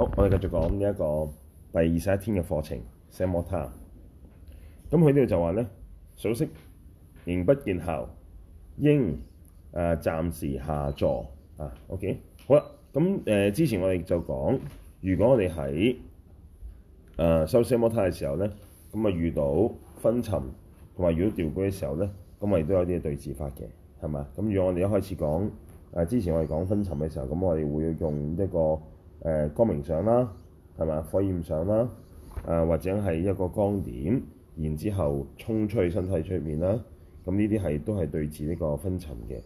好，我哋繼續講一個第二十一天嘅課程，s 聲摩 a 咁佢呢度就話咧，熟悉仍不見效，應誒暫、呃、時下座啊。OK，好啦，咁誒、呃、之前我哋就講，如果我哋喺誒收聲摩 a 嘅時候咧，咁啊遇到分層同埋遇到掉骨嘅時候咧，咁啊亦都有啲對字法嘅，係咪咁？如果我哋一開始講誒、呃、之前我哋講分層嘅時候，咁我哋會用一個。誒、呃、光明相啦，係嘛，火焰相啦，誒、呃、或者係一個光點，然之後衝出去身體出面啦，咁呢啲係都係對治呢個昏沉嘅。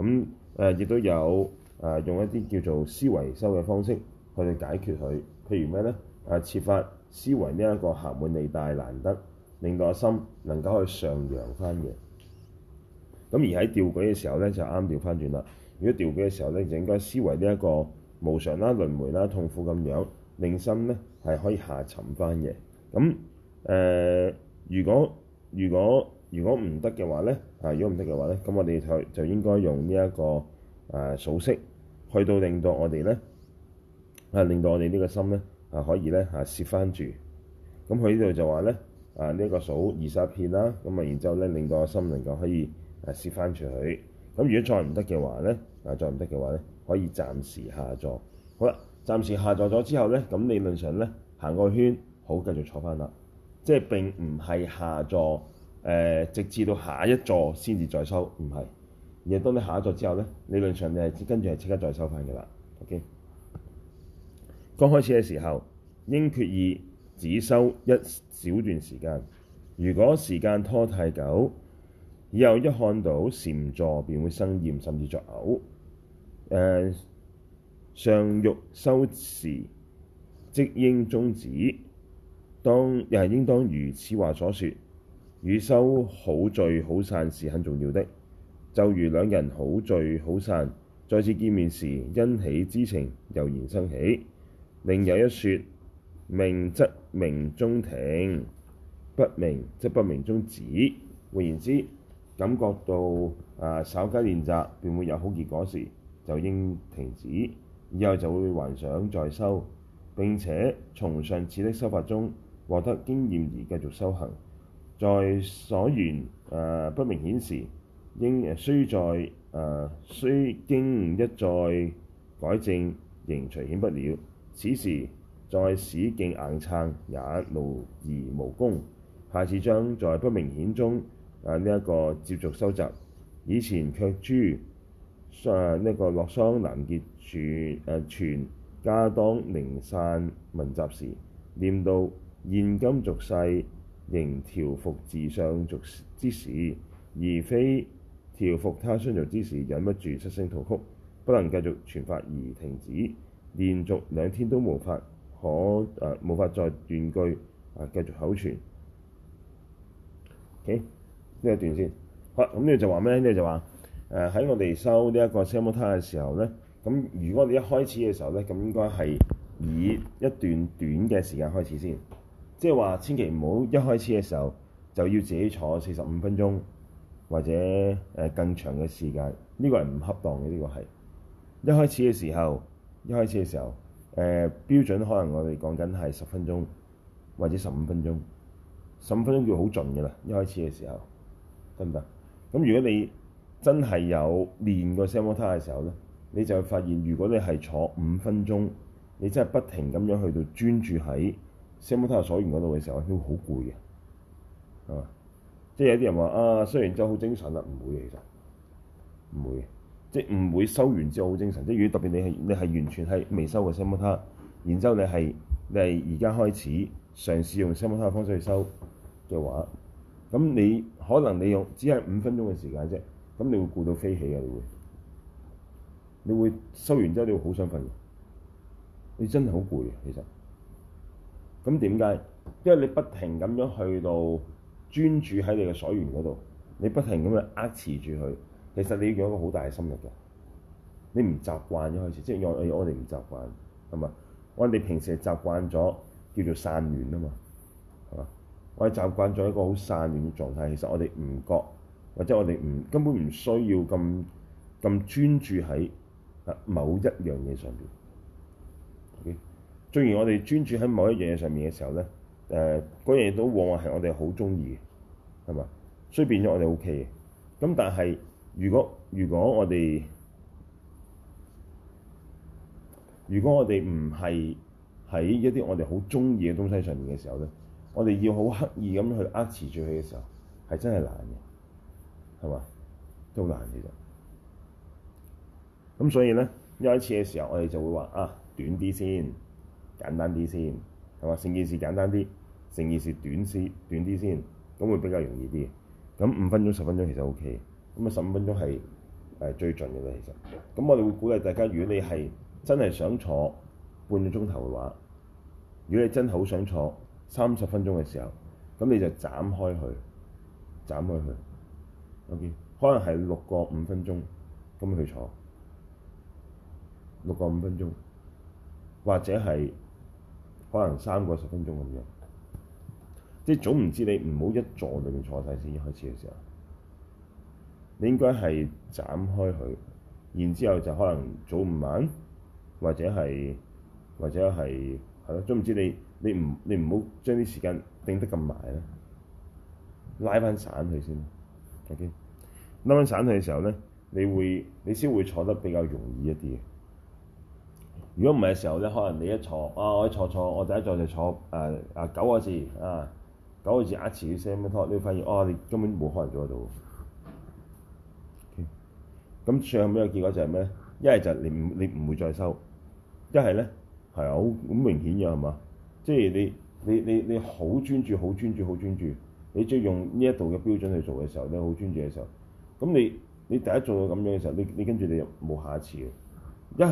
咁誒亦都有誒、呃、用一啲叫做思維修嘅方式去解決佢，譬如咩咧？誒設法思維呢一個暇滿利大難得，令到個心能夠去上揚翻嘅。咁、呃、而喺掉舉嘅時候咧，就啱調翻轉啦。如果掉舉嘅時候咧，就應該思維呢一個。無常啦、輪迴啦、痛苦咁樣，令心咧係可以下沉翻嘅。咁誒、呃，如果如果如果唔得嘅話咧，啊，如果唔得嘅話咧，咁我哋就就應該用呢、這、一個誒、啊、數息，去到令到我哋咧，啊，令到我哋呢個心咧，啊，可以咧啊攝翻住。咁佢呢度就話咧，啊，呢啊、這個數二十片啦，咁啊，然之後咧，令到個心能夠可以誒攝翻住佢。咁如果再唔得嘅話咧，再唔得嘅話咧，可以暫時下座。好啦，暫時下座咗之後咧，咁理論上咧行個圈好，繼續坐翻啦。即係並唔係下座誒、呃，直至到下一座先至再收，唔係。而係當你下一座之後咧，理論上你係跟住係即刻再收翻嘅啦。OK。剛開始嘅時候應決意只收一小段時間。如果時間拖太久，以後一看到禪座，便會生厭甚至作嘔。Uh, 上欲修時，即應終止。當又係、啊、應當如此話所說，與修好聚好散是很重要的。就如兩人好聚好散，再次見面時，欣喜之情油然生起。另有一説，明則明中停，不明則不明中止。換言之，感覺到稍、啊、加腳練習便會有，有好結果時。就應停止，以後就會還想再修，並且從上次的修法中獲得經驗而繼續修行。在所緣、呃、不明顯時，應須在誒須、呃、經一再改正，仍隨顯不了。此時再使勁硬撐也勞而無功，下次將在不明顯中呢一、呃，這個接續收集，以前卻諸誒、啊、呢、這個諾桑南傑住誒傳家當寧散文集時，念到現今俗世仍調伏自相續之時，而非調伏他相續之時，忍不住失聲痛哭，不能繼續傳法而停止，連續兩天都無法可誒、啊，無法再斷句啊，繼續口傳。OK 呢一段先。好，咁呢就話咩呢？呢就話。誒喺我哋收呢一個 sample time 嘅時候咧，咁如果我哋一開始嘅時候咧，咁應該係以一段短嘅時間開始先，即係話千祈唔好一開始嘅時候就要自己坐四十五分鐘或者誒更長嘅時間，呢、這個係唔恰當嘅，呢、這個係一開始嘅時候。一開始嘅時候，誒、呃、標準可能我哋講緊係十分鐘或者十五分鐘，十五分，分鐘叫好盡嘅啦。一開始嘅時候得唔得？咁如果你真係有練個 s a m a t a 嘅時候咧，你就會發現，如果你係坐五分鐘，你真係不停咁樣去到專注喺 s a m a t a 鎖完嗰度嘅時候咧，會好攰嘅。即係有啲人話啊，雖然就好精神啦，唔會其實唔會，即係唔會收完之後好精神。即係特別你係你係完全係未收嘅 s a m a t a，然之後你係你係而家開始嘗試用 s a m a t a 嘅方式去收嘅話，咁你可能你只用只係五分鐘嘅時間啫。咁你會攰到飛起啊！你會，你會收完之後，你會好想瞓。你真係好攰啊！其實，咁點解？因為你不停咁樣去到專注喺你嘅所緣嗰度，你不停咁樣扼持住佢。其實你要有一個好大嘅心力嘅。你唔習慣一開始，即係我哋唔習慣，係咪？我哋平時係習慣咗叫做散亂啊嘛，係嘛？我哋習慣咗一個好散亂嘅狀態，其實我哋唔覺。或者我哋唔根本唔需要咁咁專注喺啊某一樣嘢上邊。OK，雖然我哋專注喺某一樣嘢上面嘅時候咧，誒嗰樣嘢都往往係我哋好中意嘅，係嘛？所以變咗我哋 OK 嘅。咁但係如果如果我哋如果我哋唔係喺一啲我哋好中意嘅東西上面嘅時候咧，我哋要好刻意咁去呃持住佢嘅時候，係真係難嘅。係嘛？都好難啲、啊、嘅。咁所以咧，一開始嘅時候，我哋就會話啊，短啲先，簡單啲先，係嘛？成件事簡單啲，成件事短啲，先短啲先，咁會比較容易啲。咁五分鐘、十分鐘其實 OK。咁啊，十五分鐘係誒最盡嘅喇。其實，咁我哋會鼓勵大家，如果你係真係想坐半個鐘頭嘅話，如果你真係好想坐三十分鐘嘅時候，咁你就斬開佢，斬開佢。OK，可能係六個五分鐘，咁佢坐六個五分鐘，或者係可能三個十分鐘咁樣。即係總唔知，你唔好一坐裡面坐裏邊坐曬先，一開始嘅時候，你應該係斬開佢，然之後就可能早唔晚，或者係或者係係咯，總唔知你你唔你唔好將啲時間定得咁埋啦，拉翻散佢先。Ok，啱啱散去嘅時候咧，你會你先會坐得比較容易一啲。如果唔係嘅時候咧，可能你一坐，啊我一坐坐，我第一座就坐誒啊九個字啊九個字，一、啊、次、啊啊、於 same t a l 你會發現哦，根本冇可能坐到。咁、okay。最後尾嘅結果就係咩？一係就係你不你唔會再收，一係咧係好好明顯嘅係嘛？即係、就是、你你你你好專注、好專注、好專注。你只要用呢一度嘅標準去做嘅時候，你好專注嘅時候，咁你很注的時候你，你第一做到咁樣嘅時候，你你跟住你又冇下一次嘅，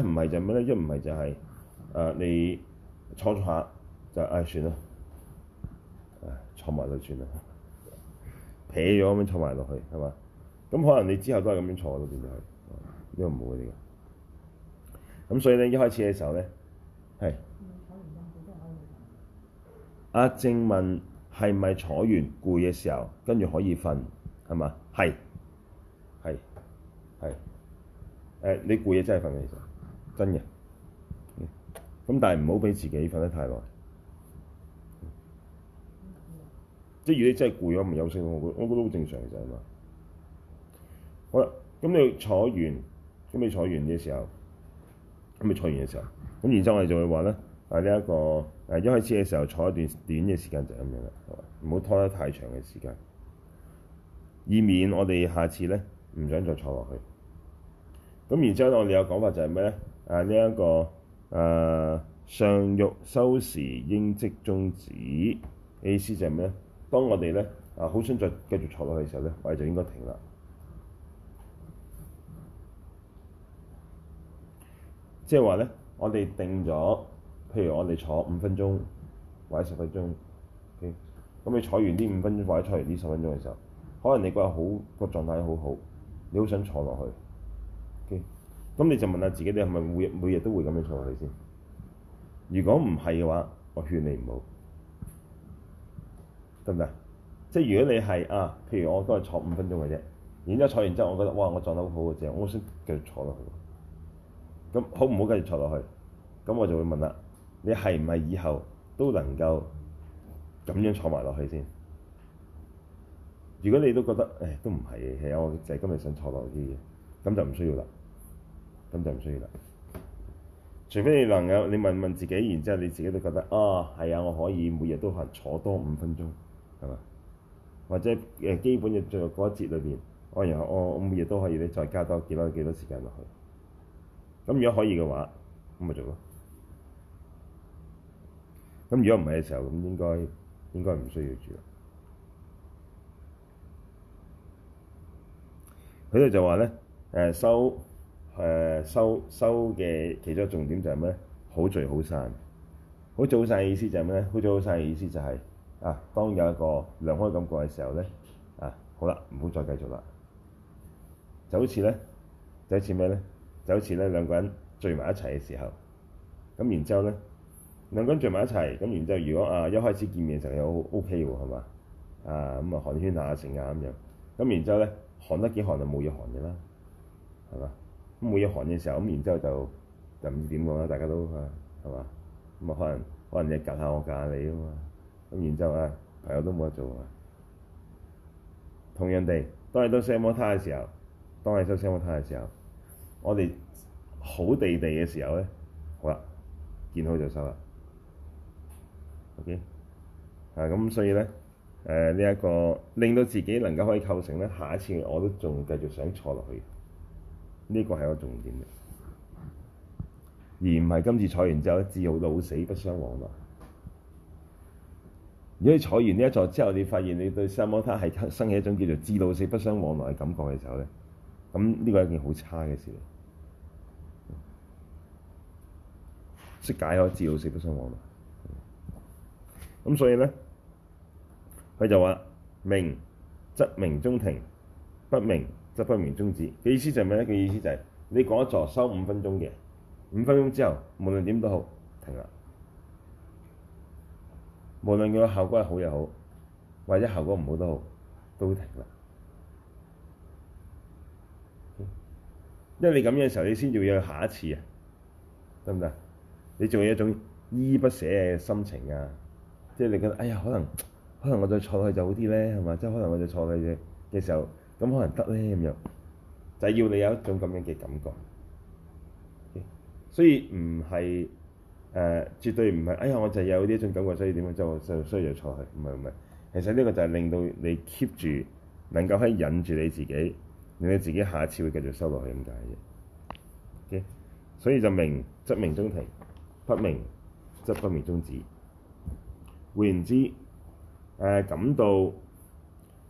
一唔係就咩？咧、就係，一唔係就係誒你坐坐下就唉算啦，誒坐埋就算啦，撇咗咁樣坐埋落去係嘛？咁可能你之後都係咁樣坐咯，點樣？呢個唔會嘅，咁所以咧一開始嘅時候咧係阿正問。係咪坐完攰嘅時候，跟住可以瞓，係嘛？係，係，係。誒、呃，你攰嘢真係瞓嘅，其實真嘅。咁、嗯、但係唔好俾自己瞓得太耐、嗯。即係如果你真係攰咗，唔休息，我我覺得好正常其實啊嘛。好啦，咁你坐完，咁你坐完嘅時候，咁你坐完嘅時候，咁然之後我哋就會話咧，喺呢一個。一開始嘅時候坐一段短嘅時間就咁樣啦，唔好拖得太長嘅時間，以免我哋下次咧唔想再坐落去。咁而之後我哋有講法就係咩咧？誒，呢一個誒，上欲收時應即中止嘅意思就係咩呢？當我哋呢啊，好想再繼續坐落去嘅時候呢，我哋就應該停啦。即係話呢，我哋定咗。譬如我哋坐五分鐘或者十分鐘，O K，咁你坐完呢五分鐘或者坐完呢十分鐘嘅時候，可能你覺得好個狀態好好，你好想坐落去，O K，咁你就問下自己，你係咪每日每日都會咁樣坐落去先？如果唔係嘅話，我勸你唔好，得唔得？即係如果你係啊，譬如我都係坐五分鐘嘅啫，然之後坐完之後，我覺得哇，我撞得好好正，我想繼續坐落去，咁好唔好繼續坐落去？咁我就會問啦。你係唔係以後都能夠咁樣坐埋落去先？如果你都覺得誒都唔係嘅，係我自己今日想坐落啲嘢，咁就唔需要啦。咁就唔需要啦。除非你能夠你問問自己，然之後你自己都覺得啊，係、哦、啊，我可以每日都可能坐多五分鐘，係嘛？或者誒基本嘅最後嗰一節裏面，我、哦、然後我每日都可以你再加多幾多幾多時間落去。咁如果可以嘅話，咁咪做咯。咁如果唔係嘅時候，咁應該應該唔需要住。佢哋就話咧，誒收誒、呃、收收嘅其中重點就係咩？好聚好散，好聚好散嘅意思就係咩咧？好聚好散嘅意思就係、是、啊，當有一個兩開感覺嘅時候咧，啊好啦，唔好再繼續啦，就好似咧，就好似咩咧？就好似咧兩個人聚埋一齊嘅時候，咁然之後咧。兩個人聚埋一齊咁，然後如果，啊，一開始見面時的，啊，就成日好 O K 喎，係嘛，咁啊寒暄下成啊咁樣咁，然之後咧寒得幾寒就冇咗寒嘅啦，係嘛，咁冇咗寒嘅時候咁，然後就就唔知點講啦，大家都係嘛，咁可能可能你夾下我，夾下你啊嘛咁，然之後啊朋友都冇得做啊。同樣地，當你都雙胞他嘅時候，當你都雙胞他嘅時候，我哋好地地嘅時候咧，好啦，見好就收啦。O.K. 啊，咁所以呢，誒呢一個令到自己能夠可以構成呢，下一次我都仲繼續想坐落去，呢個係我重點嘅，而唔係今次坐完之後自老死不相往來。如果你坐完呢一座之後，你發現你對沙摩他係生起一種叫做自老死不相往來嘅感覺嘅時候呢，咁呢個係一件好差嘅事，識解開自老死不相往來。咁所以咧，佢就話：明則明中停，不明則不明中止。嘅意思就係咩咧？嘅意思就係、是、你講一座收五分鐘嘅五分鐘之後，無論點都好停啦。無論佢效果係好又好，或者效果唔好都好，都停啦。因為你咁樣嘅時候，你先至會有下一次啊，得唔得？你仲有一種依依不捨嘅心情啊！即係你覺得，哎呀，可能可能我再坐落去就好啲咧，係嘛？即係可能我再坐落去嘅時候，咁可能得咧咁樣，就係要你有一種咁樣嘅感覺。Okay? 所以唔係誒，絕對唔係，哎呀，我就有呢種感覺，所以點樣做，所以就就需要坐落去，唔係唔係。其實呢個就係令到你 keep 住能夠可以忍住你自己，令你自己下一次會繼續收落去咁解啫。Okay? 所以就明則明中停，不明則不明中止。換言之，感到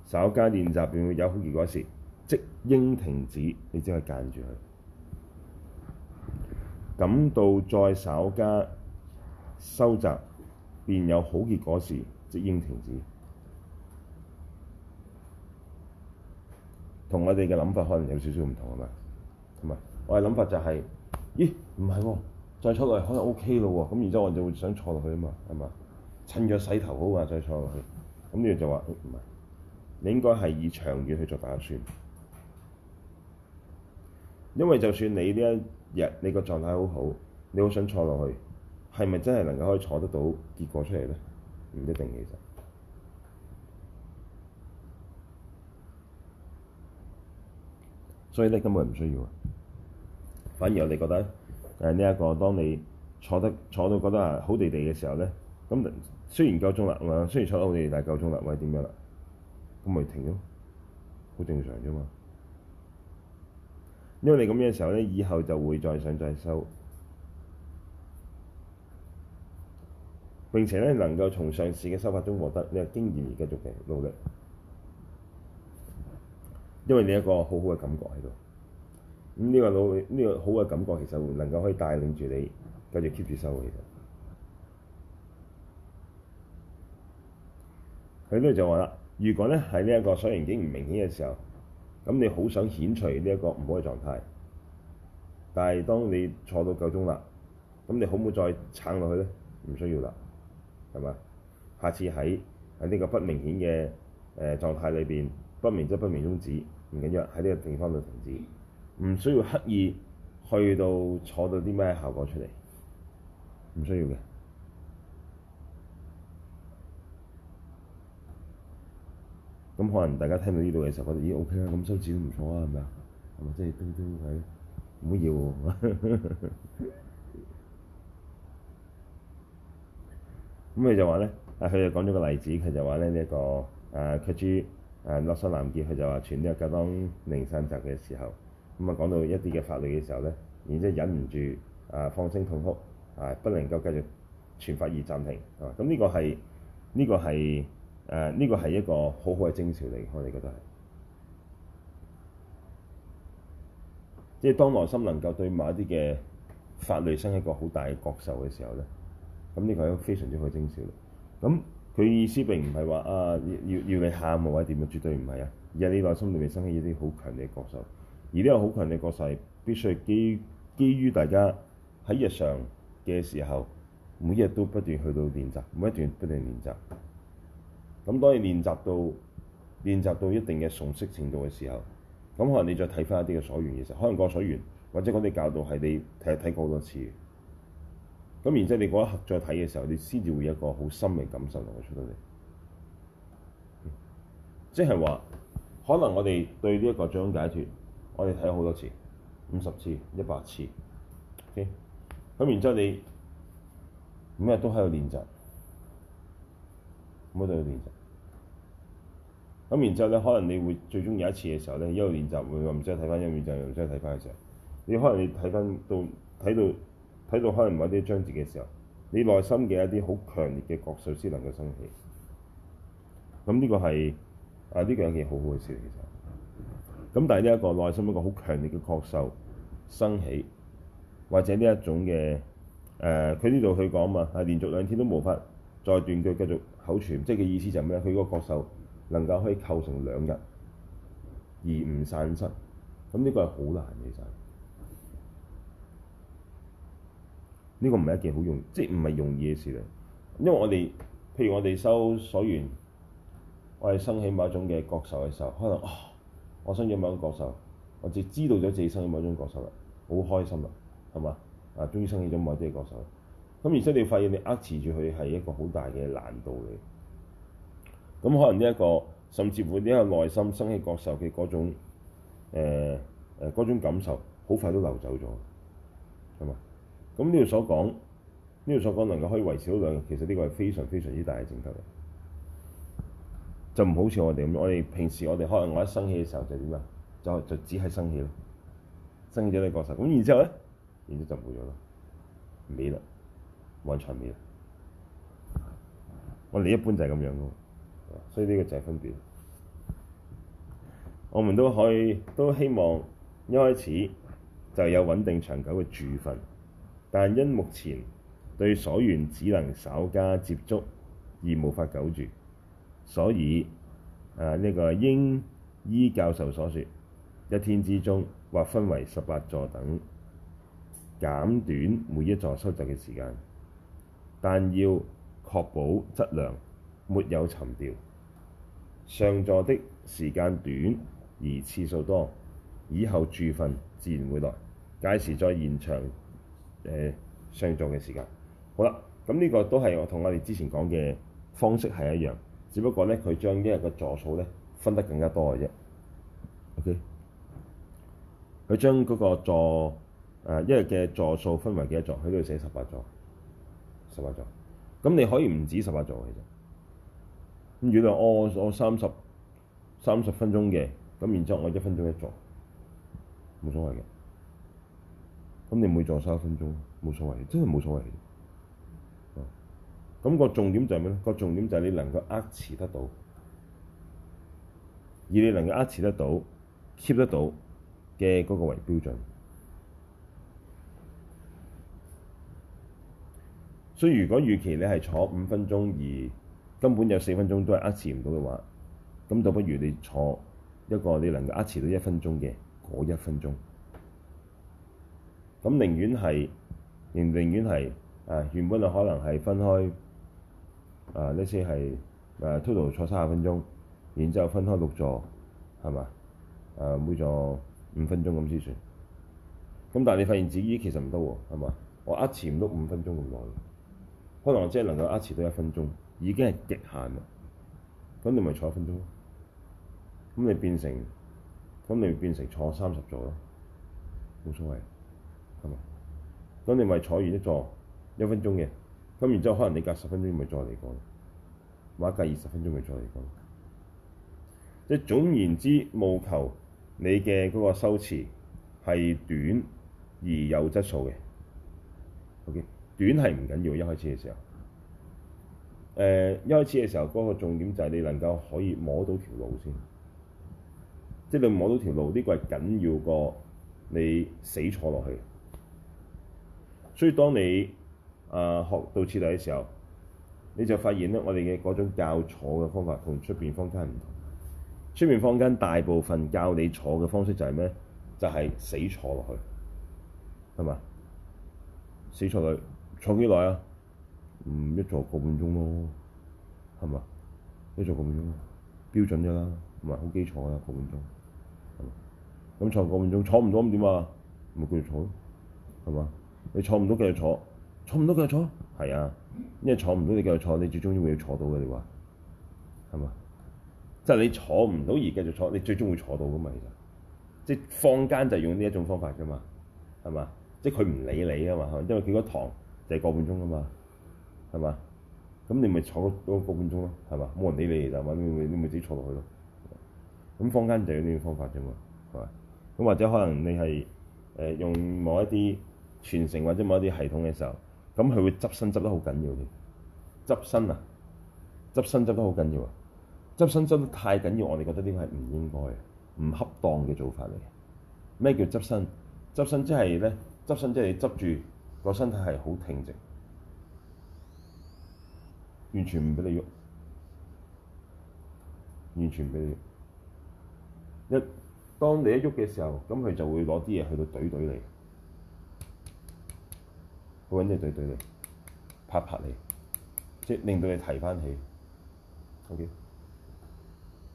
稍加練習便會有好結果時，即應停止，你只可以揀住佢。感到再稍加收集便有好結果時，即應停止。同我哋嘅諗法可能有少少唔同啊嘛，同埋我嘅諗法就係、是：咦，唔係喎，再出來可能 OK 啦喎，咁然之後我哋就會想坐落去啊嘛，係嘛？趁著洗頭好啊，再坐落去。咁呢樣就話，唔係，你應該係以長遠去做打算。因為就算你呢一日你個狀態好好，你好想坐落去，係咪真係能夠可以坐得到結果出嚟呢？唔一定嘅其實。所以咧，根本唔需要啊。反而我哋覺得，誒呢一個，當你坐得坐到覺得啊好地地嘅時候咧，咁。雖然夠鐘啦，咁雖然錯得我但係夠鐘啦，喂，點樣啦？咁咪停咯，好正常啫嘛。因為你咁嘅時候咧，以後就會再上再收，並且咧能夠從上次嘅收法中獲得你就經驗而繼續嘅努力，因為你有一個好好嘅感覺喺度。咁、嗯、呢、呢個努力呢、呢個好嘅感覺，其實能夠可以帶領住你繼續 keep 住收嘅。喺度就話啦，如果咧喺呢一個水形景唔明顯嘅時候，咁你好想顯除呢一個唔好嘅狀態，但係當你坐到夠鐘啦，咁你好唔好再撐落去咧？唔需要啦，係嘛？下次喺喺呢個不明顯嘅誒、呃、狀態裏邊，不明即不明中止，唔緊要，喺呢個地方度停止，唔需要刻意去到坐到啲咩效果出嚟，唔需要嘅。咁可能大家聽到呢度嘅時候，覺得咦 OK 啦，咁收錢都唔錯啊，係咪啊？係咪？咁 啊，即係叮叮係唔好要。咁佢就話咧，啊，佢就講咗個例子，佢就話咧呢一、呢個誒，屈朱誒洛桑南傑，佢、啊、就話傳呢個格當零散集嘅時候，咁啊講到一啲嘅法律嘅時候咧，然之後忍唔住啊放聲痛哭，啊不能夠繼續傳法而暫停，啊咁呢個係呢、呢個係。誒呢個係一個好好嘅徵兆嚟，我哋覺得係，即係當內心能夠對某一啲嘅法類生一個好大嘅覺受嘅時候咧，咁呢個係一個非常之好嘅徵兆。咁佢意思並唔係話啊要要你喊或者點啊，絕對唔係啊！而係你內心裏面生起一啲好強烈嘅覺受，而呢個好強烈嘅覺受必須基基於大家喺日常嘅時候，每日都不斷去到練習，每一段不斷練習。咁當你練習到練習到一定嘅熟悉程度嘅時候，咁可能你再睇翻一啲嘅所緣嘅時候，可能個所緣或者嗰啲教導係你睇睇過好多次，咁然之後你嗰一刻再睇嘅時候，你先至會有一個好深嘅感受能夠出到嚟。即係話，可能我哋對呢一個最終解脫，我哋睇咗好多次，五十次、一百次，OK，咁然之後你每日都喺度練習。唔好對佢練習，咁然之後咧，可能你會最終有一次嘅時候咧，一路練習，會唔使睇翻音樂陣，唔使睇翻嘅時候，你可能你睇翻到睇到睇到，到到可能某啲章節嘅時候，你內心嘅一啲好強烈嘅覺受先能夠升起。咁、這、呢個係啊，呢個係一件好好嘅事嚟嘅。咁但係呢一個內心一個好強烈嘅覺受升起，或者呢一種嘅誒，佢呢度去講啊嘛，係連續兩天都無法再斷句繼續。口傳即係嘅意思就係咩？佢個覺受能夠可以構成兩日而唔散失，咁呢個係好難嘅事。呢個唔係一件好容易，即係唔係容易嘅事嚟。因為我哋譬如我哋收所緣，我哋生起某一種嘅覺受嘅時候，可能啊、哦，我生起某一種覺受，我就知道咗自己生起某一種覺受啦，好開心啦，係嘛？啊，終於生起咗某啲嘅覺受。咁，而且你發現你扼持住佢係一個好大嘅難度嚟。咁可能呢一個，甚至乎呢一個內心生起覺受嘅嗰種誒、呃、誒嗰種感受，好快都流走咗，係嘛？咁呢度所講，呢度所講能夠可以維持到兩，其實呢個係非常非常之大嘅成就嚟，就唔好似我哋咁。我哋平時我哋可能我一生氣嘅時候就點啊？就就只係生氣咯，生咗啲覺受。咁然之後咧，然之後就冇咗咯，唔見啦。玩場面，我哋一般就係咁樣咯，所以呢個就係分別。我們都可以都希望一開始就有穩定長久嘅住份，但因目前對所緣只能稍加接觸而無法久住，所以啊呢個應醫教授所說，一天之中劃分為十八座等，減短每一座收集嘅時間。但要確保質量，沒有沉掉。上座的時間短而次數多，以後住份自然會來。屆時再延長上座嘅時間好。好啦，咁呢個都係我同我哋之前講嘅方式係一樣，只不過呢，佢將一日嘅座數呢分得更加多嘅啫。OK，佢將嗰個座、呃、一日嘅座數分為幾多座？喺度寫十八座。十八座，咁你可以唔止十八座其實，咁如果你我我三十三十分鐘嘅，咁然之後我一分鐘一座，冇所謂嘅，咁你每座三十分鐘，冇所謂，真係冇所謂，咁個重點就係咩咧？個重點就係你能夠握持得到，以你能夠握持得到、keep 得到嘅嗰個為標準。所以如果預期你係坐五分鐘，而根本有四分鐘都係呃遲唔到嘅話，咁倒不如你坐一個你能夠呃遲到一分鐘嘅嗰一分鐘。咁寧願係，寧，寧願係啊，原本就可能係分開啊，呢次係誒 total 坐三十分鐘，然之後分開六座係嘛？誒、啊、每座五分鐘咁先算。咁但係你發現自己其實唔得喎，係嘛？我呃遲唔到五分鐘咁耐。可能我即係能夠呃遲到一分鐘，已經係極限啦。咁你咪坐一分鐘咯。咁你變成，咁你變成坐三十座咯，冇所謂。係咪？咁你咪坐完一座一分鐘嘅，咁然之後可能你隔十分鐘咪再嚟過，或者隔二十分鐘咪再嚟過。即係總言之，務求你嘅嗰個修持係短而有質素嘅。OK。短係唔緊要的，一開始嘅時候，誒、呃、一開始嘅時候，嗰、那個重點就係你能夠可以摸到條路先，即係你摸到條路，呢、這個係緊要過你死坐落去。所以當你啊、呃、學到徹底嘅時候，你就發現咧，我哋嘅嗰種教坐嘅方法同出邊坊間唔同。出邊坊間大部分教你坐嘅方式就係咩？就係、是、死坐落去，係嘛？死坐落去。坐幾耐啊？嗯，一坐個半鐘咯，係嘛？一坐個半鐘，標準啫啦，唔係？好基礎啊，個半鐘。係嘛？咁坐個半鐘，坐唔到咁點啊？咪繼續坐咯，係嘛？你坐唔到繼續坐，坐唔到繼續坐。係啊，因為坐唔到你繼續坐，你最終都會要坐到嘅你話，係嘛？即係你坐唔到而繼續坐，你最終會坐到嘅嘛其實，即係坊間就用呢一種方法㗎嘛，係嘛？即係佢唔理你㗎嘛，係嘛？因為佢個堂。你個半鐘啊嘛，係嘛？咁你咪坐嗰個半鐘咯，係嘛？冇人理你嚟咋，你咪你咪自己坐落去咯。咁坊間就有呢啲方法啫嘛，係嘛？咁或者可能你係誒用某一啲傳承或者某一啲系統嘅時候，咁佢會執身執得好緊要啲。執身啊，執身執得好緊要啊！執身執得太緊要，我哋覺得呢個係唔應該、唔恰當嘅做法嚟。咩叫執身？執身即係咧，執身即係你執住。個身體係好挺直，完全唔畀你喐，完全畀你喐，一當你一喐嘅時候，咁佢就會攞啲嘢去到懟懟你，去揾嘢懟懟你，拍拍你，即係令到你提翻起。O.K.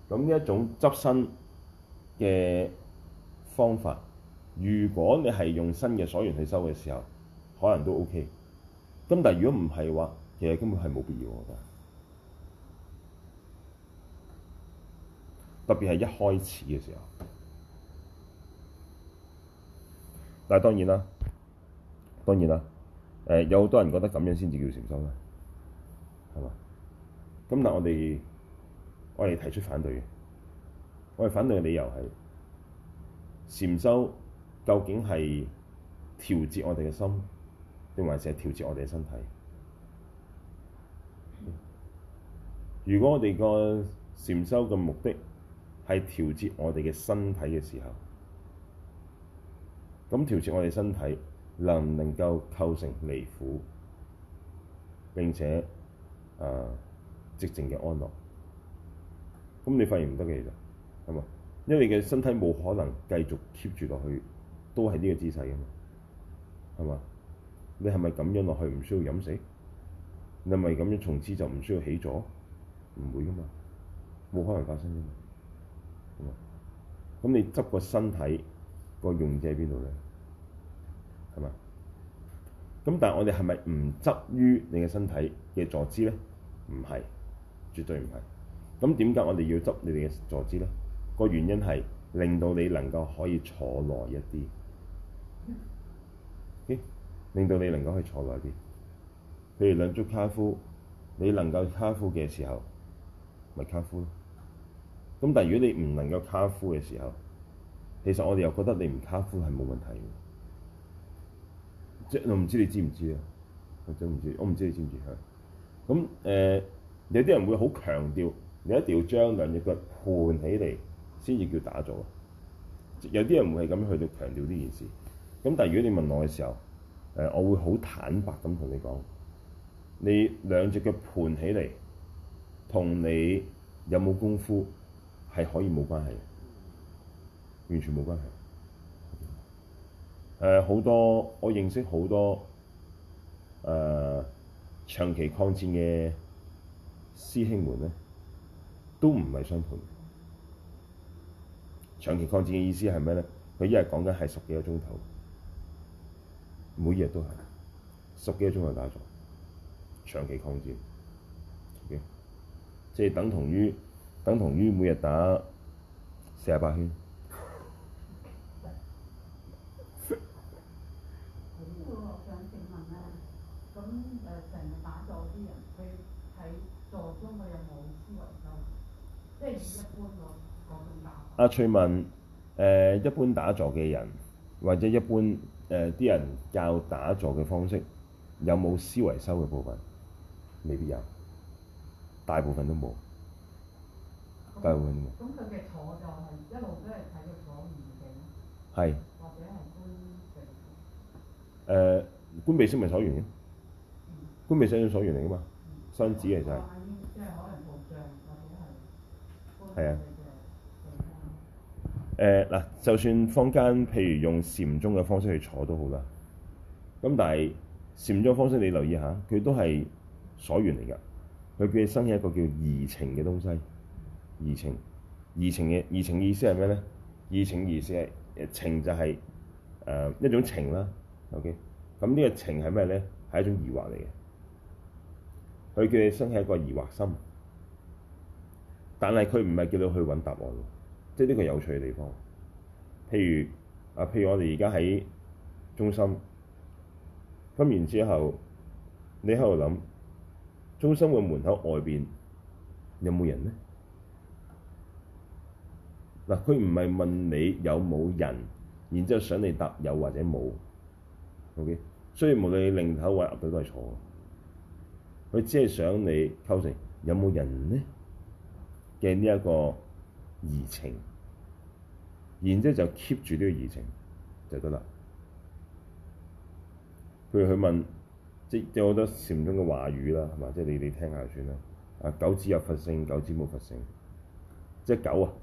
咁呢一種執身嘅方法，如果你係用新嘅鎖源去收嘅時候。可能都 OK，但如果唔係話，其實根本係冇必要，我覺得。特別係一開始嘅時候，但係當然啦，當然啦，誒有好多人覺得咁樣先至叫禪修咧，係嘛？咁我哋我哋提出反對嘅，我哋反對嘅理由係：禪修究竟係調節我哋嘅心。定還是係調節我哋身體。如果我哋個禪修嘅目的係調節我哋嘅身體嘅時候，咁調節我哋身體能唔能夠構成離苦並且啊寂靜嘅安樂？咁你發現唔得嘅嘢就係嘛，因為你嘅身體冇可能繼續 keep 住落去都係呢個姿勢嘅嘛，係嘛？你係咪咁樣落去唔需要飲食？你係咪咁樣從此就唔需要起咗？唔會噶嘛，冇可能發生噶嘛。咁你執個身體，個用處喺邊度咧？係嘛？咁但係我哋係咪唔執於你嘅身體嘅坐姿咧？唔係，絕對唔係。咁點解我哋要執你哋嘅坐姿咧？個原因係令到你能夠可以坐耐一啲。嗯 okay? 令到你能夠去坐耐啲，譬如兩足卡夫，你能夠卡夫嘅時候，咪卡夫咯。咁但係如果你唔能夠卡夫嘅時候，其實我哋又覺得你唔卡夫係冇問題嘅。即係我唔知你知唔知啊？我真唔知，我唔知，我唔知你知唔知啊？咁、嗯、誒、呃，有啲人會好強調，你一定要將兩隻腳盤起嚟先至叫打坐。有啲人會係咁去到強調呢件事。咁但係如果你問我嘅時候，我會好坦白咁同你講，你兩隻腳盤起嚟，同你有冇功夫係可以冇關係的，完全冇關係很。好多我認識好多誒長期抗戰嘅師兄們呢，都唔係雙盤。長期抗戰嘅意思係咩呢？佢一日講緊係十幾個鐘頭。每日都係十幾個鐘頭打坐，長期抗戰、OK? 即係等同於等同於每日打四十八圈。阿 翠、 啊、文，誒、呃、一般打坐嘅人或者一般。誒、呃、啲人教打坐嘅方式有冇思維修嘅部分？未必有，大部分都冇。大部分都冇。咁佢嘅坐就係一路都係睇佢房園景。係。或者係觀觀咪坐完咯，觀背景坐完嚟噶嘛，伸展嚟就係、係。啊。誒、呃、嗱，就算坊間譬如用禪宗嘅方式去坐都好啦，咁但係禪宗方式你留意下，佢都係所緣嚟㗎，佢叫你生起一個叫疑情嘅東西。疑情，疑情嘅疑情意思係咩咧？疑情意思係情，情就係、是、誒、呃、一種情啦。OK，咁呢個情係咩咧？係一種疑惑嚟嘅，佢叫你生起一個疑惑心，但係佢唔係叫你去揾答案即係呢個有趣嘅地方，譬如啊，譬如我哋而家喺中心，咁然之後你喺度諗中心嘅門口外邊有冇人呢？嗱，佢唔係問你有冇人，然之後想你答有或者冇，OK。所以無論你擰頭或答對都係錯嘅，佢只係想你構成有冇人呢嘅呢一個疑情，然之後就 keep 住呢個疑情就得啦。譬如佢去問，即即好多禪宗嘅話語啦，係嘛？即係你你聽下算啦。啊，狗子有佛性，狗子冇佛性，即係狗啊，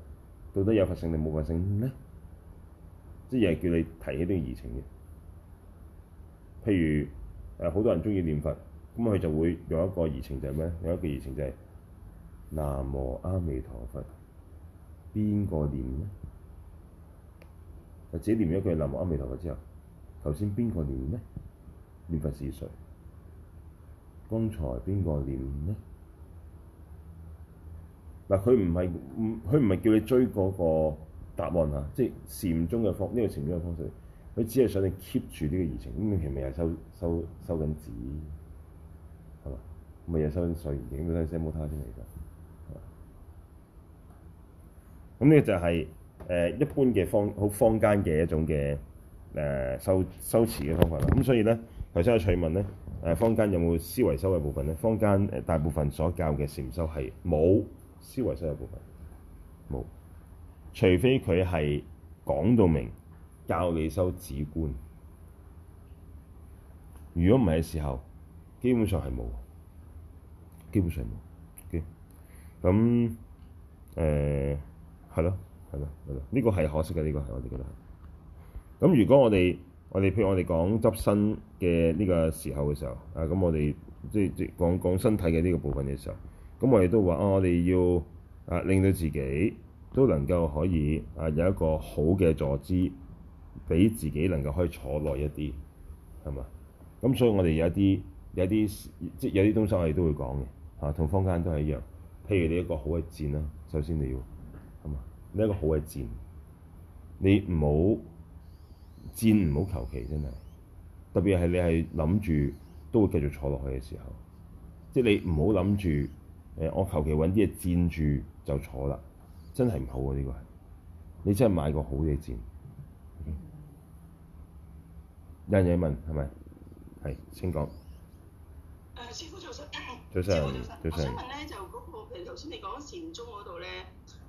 到底有佛性定冇佛性呢？即係又係叫你提起呢個疑情嘅。譬如誒，好多人鍾意念佛，咁佢就會用一個疑情就係咩？用一個疑情就係、是、南無阿彌陀佛。邊個念呢？或者念一句南無阿彌陀佛之後，頭先邊個念呢？念佛是誰？剛才邊個念呢？嗱，佢唔係佢唔係叫你追嗰個答案啊！即係禪宗嘅方呢個禪宗嘅方式，佢只係想你 keep 住呢個疑情。咁其咪又收收收緊紙，係嘛？咪又收緊水，影，到係 s e 冇他先嚟噶。咁呢個就係、是、誒、呃、一般嘅方好坊間嘅一種嘅誒修修辭嘅方法啦。咁所以咧，頭先阿翠問咧誒坊間有冇思維修嘅部分咧？坊間誒大部分所教嘅禪修係冇思維修嘅部分，冇。除非佢係講到明教你修止觀，如果唔係嘅時候，基本上係冇，基本上冇咁誒。OK？係咯，係咯，係咯，呢個係可惜嘅，呢個係我哋覺得。咁如果我哋我哋譬如我哋講執身嘅呢個時候嘅時候，啊咁我哋即係即係講講身體嘅呢個部分嘅時候，咁我哋都話啊，我哋要啊令到自己都能夠可以啊有一個好嘅坐姿，俾自己能夠可以坐耐一啲，係嘛？咁所以我哋有一啲有一啲即係有啲東西我哋都會講嘅。嚇同坊間都係一樣。譬如你一個好嘅墊啦，首先你要。你一個好嘅墊，你唔好墊唔好求其，真係特別係你係諗住都會繼續坐落去嘅時候，即係你唔好諗住誒，我求其揾啲嘢墊住就坐啦，真係唔好啊！呢個係你真係買個好嘅墊。有人問係咪？係，請講。師傅，早晨早晨早晨早晨，我想問咧就嗰個譬如頭先你講善終嗰度咧。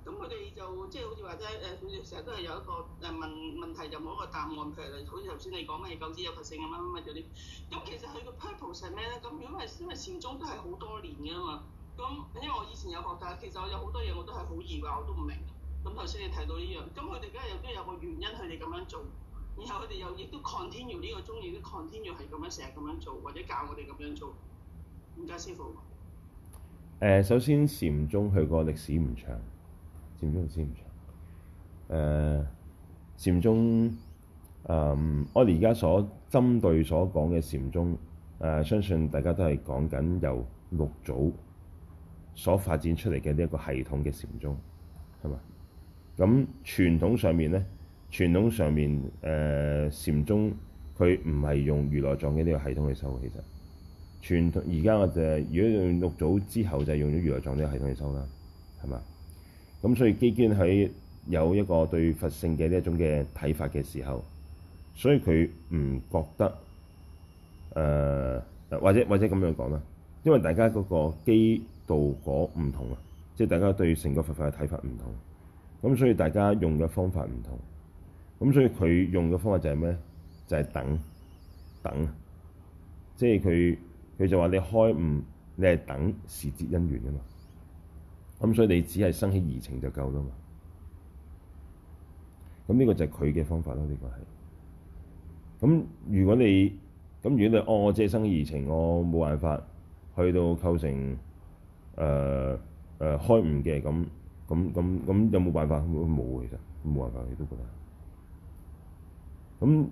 咁佢哋就即係好似話齋誒，佢哋成日都係有一個誒問問題，就冇一個答案。譬如好似頭先你講咩九字有佛性咁乜乜乜嗰啲。咁其實佢嘅 purpose 係咩咧？咁因為因為禪宗都係好多年嘅啊嘛。咁因為我以前有學㗎，但其實我有好多嘢我都係好疑惑，我都唔明。咁頭先你提到呢樣，咁佢哋梗係又都有個原因，佢哋咁樣做。然後佢哋又亦都 continue 呢個中意，亦都 continue 係咁樣成日咁樣做，或者教我哋咁樣做。點解？師傅，誒，首先禪宗佢個歷史唔長。禪、嗯、宗史唔長，誒禪宗誒我哋而家所針對所講嘅禪宗誒、嗯，相信大家都係講緊由六祖所發展出嚟嘅呢一個系統嘅禪宗，係嘛？咁傳統上面咧，傳統上面誒禪宗佢唔係用《如來藏》嘅呢個系統去修。其實傳統而家我哋如果用六祖之後就係用咗《如來藏》呢個系統去修啦，係嘛？咁所以基堅喺有一個對佛性嘅呢一種嘅睇法嘅時候，所以佢唔覺得誒、呃、或者或者咁樣講啦，因為大家嗰個基道果唔同啊，即係大家對成個佛法嘅睇法唔同，咁所以大家用嘅方法唔同，咁所以佢用嘅方法就係咩咧？就係等，等，即係佢佢就話，你開悟，你係等時節因緣啊嘛。咁、嗯、所以你只係生起疑情就夠啦嘛。咁呢個就係佢嘅方法啦，呢、呢個係。咁如果你咁如果你按、哦、我淨係生起疑情，我冇辦法去到構成誒誒、呃呃、開悟嘅，咁咁咁咁有冇辦法？冇其實冇辦法，你都覺得。咁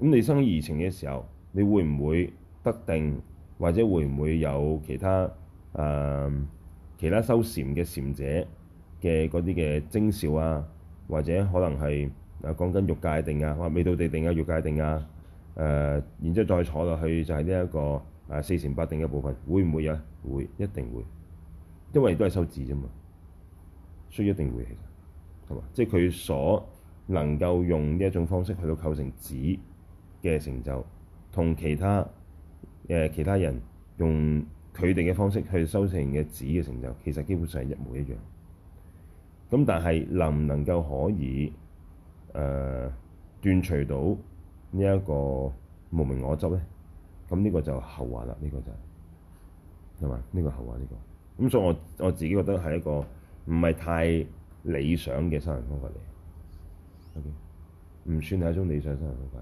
咁你生起疑情嘅時候，你會唔會得定，或者會唔會有其他誒？呃其他修禪嘅禪者嘅嗰啲嘅徵兆啊，或者可能係啊講緊欲界定啊，或、啊、未到地定啊、欲界定啊，誒、呃，然之後再坐落去就係呢一個誒、啊、四禪八定嘅部分，會唔會有、啊？會一定會，因為都係修字啫嘛，所以一定會，係嘛？即係佢所能夠用呢一種方式去到構成紙嘅成就，同其他誒、呃、其他人用。佢哋嘅方式去修成嘅止嘅成就，其實基本上係一模一樣。咁但係能唔能夠可以誒、呃、斷除到呢一個無明我執咧？咁呢個就後話啦，呢、這個就係係嘛？呢、這個後話呢、這個。咁所以我我自己覺得係一個唔係太理想嘅生活方法嚟。O.K. 唔算係一種理想的生活方法。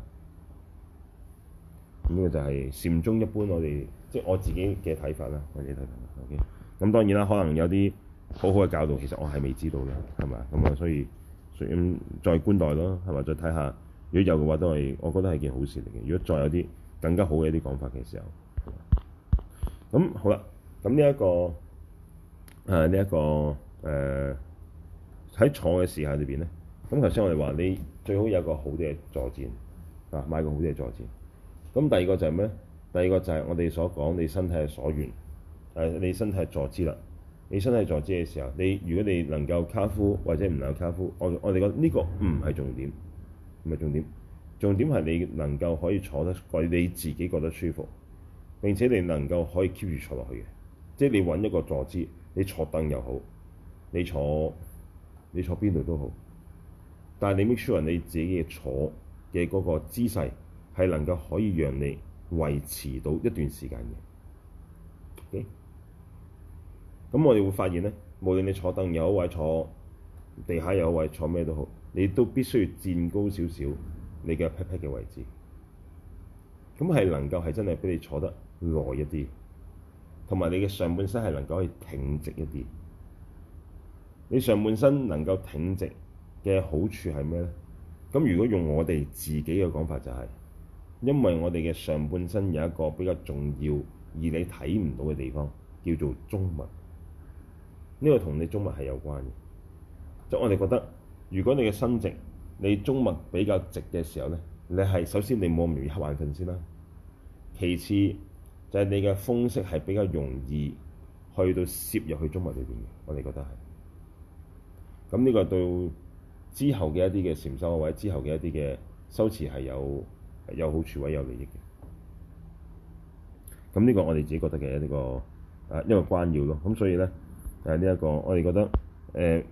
咁呢個就係禪宗一般我哋。即係我自己嘅睇法啦，我自己睇法啦，OK。咁當然啦，可能有啲好好嘅教導，其實我係未知道嘅，係咪？咁啊，所以所以再觀待咯，係咪？再睇下，如果有嘅話，都係我覺得係件好事嚟嘅。如果再有啲更加好嘅一啲講法嘅時候，咁好啦。咁呢一個誒呢一個誒喺、呃、坐嘅時刻裏邊咧，咁頭先我哋話你最好有個好嘅坐墊啊，買個好嘅坐墊。咁第二個就係咩？第二個就係我哋所講，你身體嘅所願，就係，你身體坐姿啦。你身體坐姿嘅時候，你如果你能夠卡夫或者唔能夠卡夫，我我哋覺得呢個唔係重點，唔係重點。重點係你能夠可以坐得佢你自己覺得舒服，並且你能夠可以 keep 住坐落去嘅，即係你揾一個坐姿，你坐凳又好，你坐你坐邊度都好，但係你 make sure 你自己嘅坐嘅嗰個姿勢係能夠可以讓你。維持到一段時間嘅，咁、okay? 我哋會發現咧，無論你坐凳有位坐，地下有位坐，咩都好，你都必須要墊高少少，你嘅 pat pat 嘅位置，咁係能夠係真係俾你坐得耐一啲，同埋你嘅上半身係能夠可以挺直一啲。你上半身能夠挺直嘅好處係咩咧？咁如果用我哋自己嘅講法就係，是。因為我哋嘅上半身有一個比較重要而你睇唔到嘅地方，叫做中脈。呢個同你中脈係有關嘅。即係我哋覺得，如果你嘅身直，你中脈比較直嘅時候咧，你係首先你冇咁容易黑眼瞓先啦。其次就係你嘅風息係比較容易去到攝入去中脈裏邊嘅。我哋覺得係咁呢個對之後嘅一啲嘅禪修或者之後嘅一啲嘅修持係有。有好處或有利益嘅，咁呢個我哋自己覺得嘅呢個啊，因為關要咯，咁所以咧誒呢一個我哋覺得誒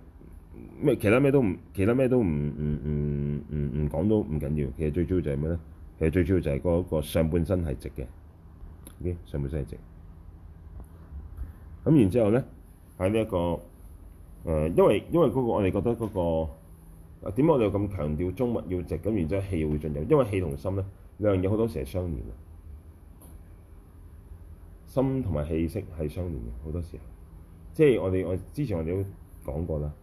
咩其他咩都唔其他咩都唔唔唔唔唔講都唔緊要，其實最主要就係咩咧？其實最主要就係個個上半身係直嘅，上半身係直，咁然之後咧喺呢一個誒，因為因為嗰個我哋覺得嗰、嗰個。嗱，點解我哋咁強調中脈要直？咁然之後氣會進入，因為氣同心咧兩樣嘢好多時係相連嘅。心同埋氣息係相連嘅，好多時候，即係我哋我之前我哋都講過啦。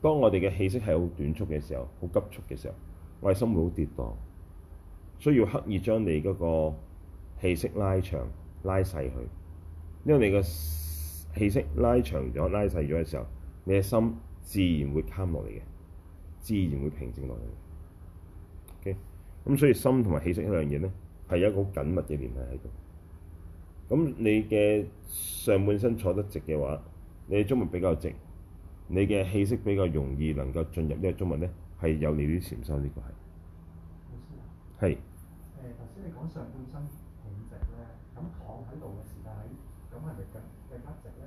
當我哋嘅氣息係好短促嘅時候，好急促嘅時候，我哋心會好跌宕，需要刻意將你嗰個氣息拉長、拉細去。因為你嘅氣息拉長咗、拉細咗嘅時候，你嘅心自然會 calm 落嚟嘅。自然會平靜落嚟。OK，咁所以心同埋氣息一樣嘢咧，係一個好緊密嘅聯繫喺度。咁你嘅上半身坐得直嘅話，你嘅中脈比較直，你嘅氣息比較容易能夠進入呢個中脈咧，係有利於禪修呢、呢個係。係。誒頭先你講上半身挺直咧，咁躺喺度嘅時間係，咁係咪更加直咧？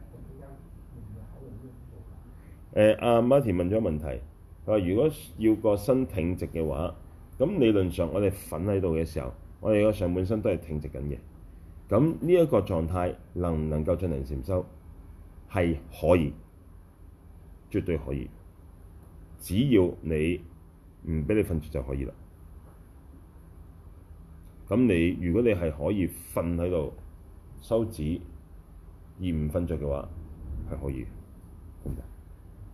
誒，阿 Martin 問咗問題。如果要個身挺直嘅話，咁理論上我哋瞓喺度嘅時候，我哋個上半身都係挺直緊嘅。咁呢一個狀態能唔能夠進行禪修？係可以，絕對可以。只要你唔畀你瞓着就可以啦。咁你如果你係可以瞓喺度修止而唔瞓着嘅話，係可以。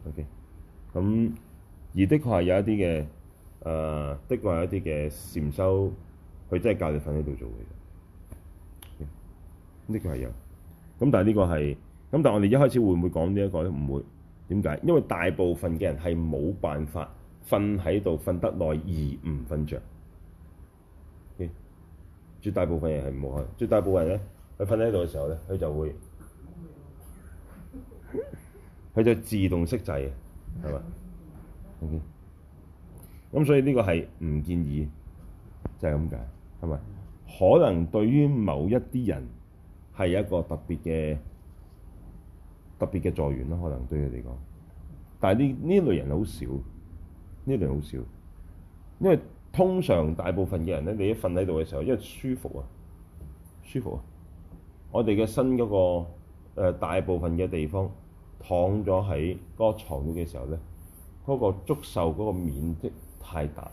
OK 咁。而的確係有一啲嘅，誒、呃、的確係有一啲嘅禪修，佢真係教你瞓喺度做嘅。咁的確係有。咁但係呢個係，咁但係我哋一開始會唔會講呢一個咧？唔會。點解？因為大部分嘅人係冇辦法瞓喺度瞓得耐而唔瞓着。絕大部分人係冇可能。絕大部分人咧，佢瞓喺度嘅時候咧，佢就會佢就自動熄掣，係嘛？O.K. 咁所以呢個係唔建議，就係咁解，係咪？可能對於某一啲人係一個特別嘅特別嘅助緣咯，可能對佢哋講。但係呢呢類人好少，呢類好少，因為通常大部分嘅人咧，你一瞓喺度嘅時候，因為舒服啊，舒服啊，我哋嘅身嗰個誒大部分嘅地方躺咗喺嗰個牀度嘅時候咧。嗰、那個觸受嗰個面積太大，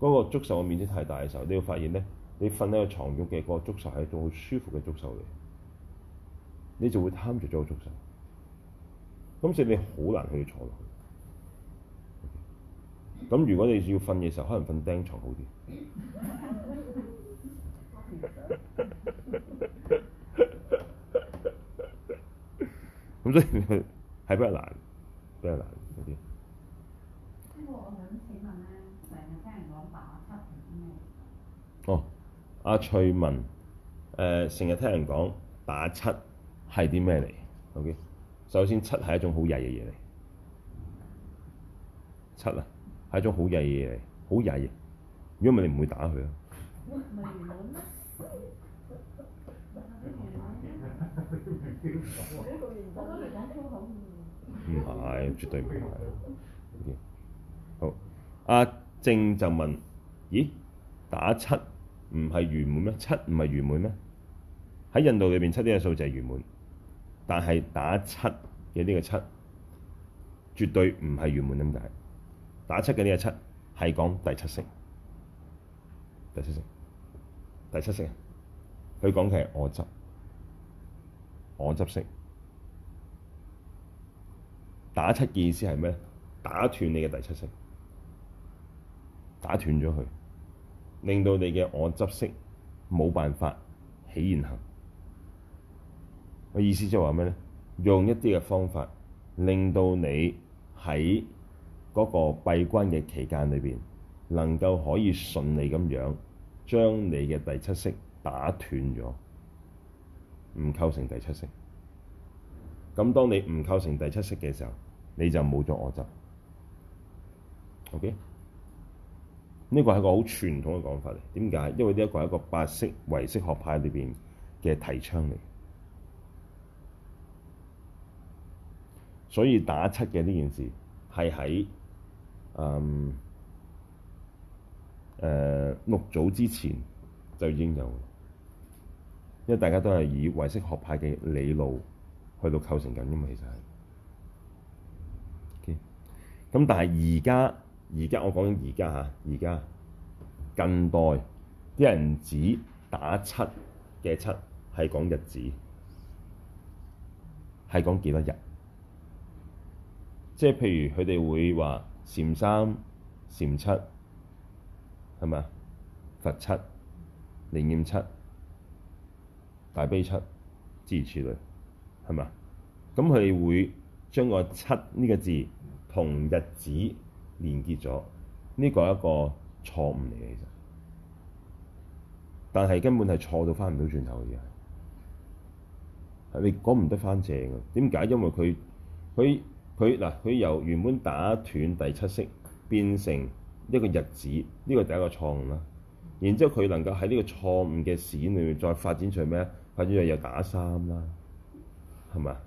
嗰、那個觸受嘅面積太大嘅時候，你要發現咧，你瞓喺、那個床褥嘅嗰個觸受係一種好舒服嘅觸受嚟，你就會貪住咗個觸受，咁所以你好難去坐落去。咁、OK? 如果你要瞓嘅時候，可能瞓釘床好啲。咁所以係比較難。俾人難啲。哦、啊，阿翠文，誒成日聽人講打七係啲咩嚟？OK，首先七係一種好曳嘅嘢嚟。七啊，係一種好曳嘅嘢嚟，好曳。如果唔係你唔會打佢咯、啊。 唔係，絕對唔係。OK、好，阿、啊、正就問，咦，打七唔係圓滿咩？七唔係圓滿咩？喺印度裏邊，七呢個數就係圓滿，但係打七嘅呢個七，絕對唔係圓滿。點解？打七嘅呢個七係講第七識，第七識，第七識。佢講嘅係我執，我執識。打七嘅意思係咩咧？打斷你嘅第七識，打斷咗佢，令到你嘅我執識冇辦法起現行。個意思即係話咩咧？用一啲嘅方法，令到你喺嗰個閉關嘅期間裏邊，能夠可以順利咁樣將你嘅第七識打斷咗，唔構成第七識。咁當你唔構成第七識嘅時候，你就冇咗我執，OK？呢個係一個好傳統嘅講法嚟。點解？因為呢一個係一個白色唯識學派裏面嘅提倡嚟，所以打七嘅呢件事係喺嗯、呃、六祖之前就已經有，因為大家都係以唯識學派嘅理路去到構成緊噶嘛，其實係咁但係而家，而家我講緊而家嚇，而家近代啲人指打七嘅七係講日子，係講幾多日？即係譬如佢哋會話禪三、禪七，係咪啊？佛七、靈驗七、大悲七、之類，係咪啊？咁佢哋會將個七呢個字同日子連結咗，呢個係一個錯誤嚟嘅，其實，但係根本係錯到翻唔到轉頭嘅係你講唔得翻正㗎。點解？因為佢佢佢嗱，佢由原本打斷第七色變成一個日子，呢個第一個錯誤啦。然之後佢能夠喺呢個錯誤嘅事件裏面再發展出咩啊？發展出又打三啦，係咪啊？